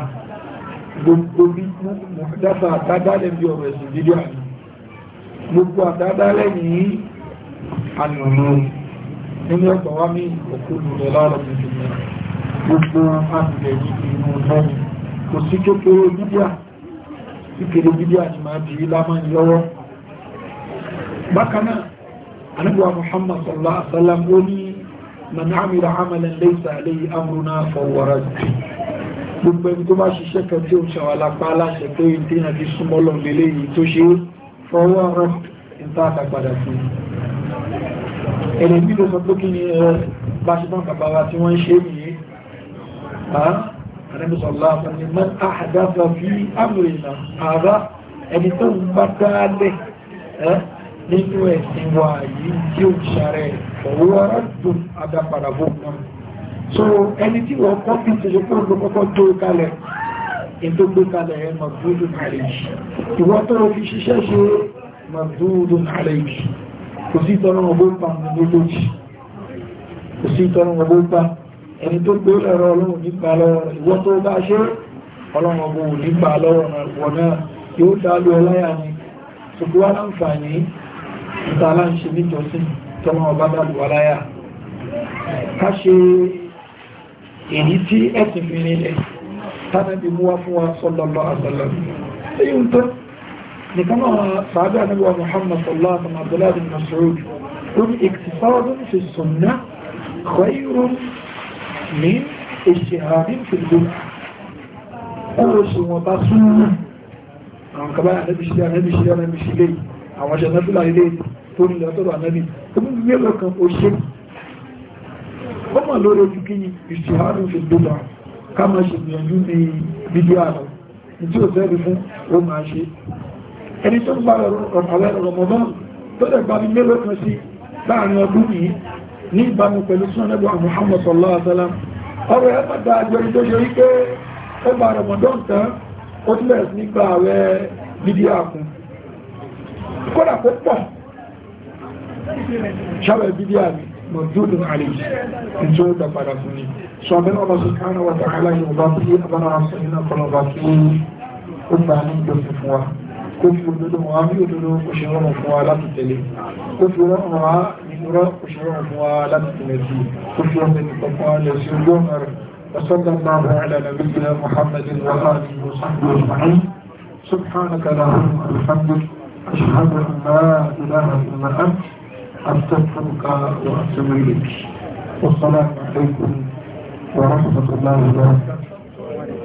gbogbo mọ̀dásá àdádálẹ̀ bí ọ̀rọ̀ ẹ̀sìn dídí àná gbogbo àdádálẹ̀ ní ànàmọ́ nínú ẹgbà wá ní òkúrù rẹ̀ lára ìjìnlẹ̀ gbogbo àtìlẹ̀ ní inú lọ́nà kò sí kékeré bídíà kékeré di lámà ní lọ́wọ́ bákanáà muhammad sallallahu alaihi wasallam ó ní man amila amalan laysa alayhi amruna fahuwa radd gbogbo ẹni tó bá ṣiṣẹ́ kan tí ó ń ṣàwàlápá aláṣẹ pé ìdínà ti súnmọ́ lọ́nà lélẹ́yìn tó ṣe fahuwa radd ìta àtàgbàdà fún un ẹ̀rẹ̀ bí ló sọ pé kí ni ẹ bá ṣe bá bàbá wa tí wọ́n ń ṣe nìyí àrẹ́bùsọ̀lá àfẹ́lẹ́mọ́ àdáfà fi àmìrìnà àrá ẹni tó ń bá dáálẹ̀ nínú ẹ̀sìn wa yìí tí ó ṣàrẹ̀ ọ̀wọ́ dùn adápadà gbogbo so ẹni tí wọ́n kọ́ fi ṣe kó ló kọ́kọ́ tó kalẹ̀ ètò gbé kalẹ̀ ẹ mọ̀dúdùn ìwọ́n tó fi ṣiṣẹ́ ṣe mọ̀dúdùn àlejì kò sí tọ́nà ọgbọ́pá lójì kò sí tọ́nà ọgbọ́pá ẹni tó gbé ẹ̀rọ ọlọ́run nípa lọ́wọ́ ìwọ́ tó bá ṣe ọlọ́run ọgbọ́n nípa lọ́wọ́ wọn náà yóò dálú ọláyà ni ṣùgbọ́n wá láǹfààní ìta láǹṣe níjọsìn tọ́nà ọba dálú ọláyà ká ṣe èyí tí ẹ̀sìn ni kama sahabi anabi wa muhammad sallallahu alaihi abdullah bin mas'ud kun iktisadun fi sunna khairun min ijtihadin fi bid'ah ẹwọ sí wọn bá súnmọ́ àwọn kaba anabi sí anabi sí anabi sí lẹ́yìn àwọn aṣọ anábìlà ilé tó ní lọ́tọ́rọ̀ anabi tó mú mẹ́lọ kan ó ṣe ó mọ̀ lórí ojú ijtihadun fi bid'ah ká máa ṣe gbìyànjú ní bídíà lọ ní fẹ́ rí fún ó máa ṣe ẹni tó gbà rọ̀mọ̀lẹ́ rọ̀mọ̀mọ́ tó lè gbà ní mélòó kan sí láàrin ọdún yìí ní ìbámu pẹ̀lú súnẹ́gbà Muhammad sallallahu alaihi wasallam ọrọ̀ ẹ̀ pàdà àjọrí tó yẹ wípé ó gbà rọ̀mọ̀dán tán ó tún bẹ̀rẹ̀ sí ní gba àwẹ̀ dídí àkùn kódà kó pọ̀ ṣàwẹ̀ dídí àmì mọ̀dúdùn àlejò tí ó dà fún ni sọ abẹ́nà ọmọ subhanahu wa ta'ala yóò bá bí abánára sọ nínú ọpọlọ bá kí ó gbà ní ìjọsìn fún wa kó fi òdodo wọn bí òdodo òṣèrànà fún wa láti tẹ̀lé kó fi rọ́nà wá nínúrọ́ òṣèrànà fún wa láti tẹ̀lé sí kó fi rọ́nà nìkan fún wa lati tele وصلي الله على نبينا محمد وآله وصحبه أجمعين سبحانك اللهم وبحمدك أشهد أن لا إله إلا أنت أستغفرك وأتوب إليك والسلام عليكم ورحمة الله وبركاته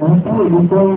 òun kúrò ní gbọ́rọ̀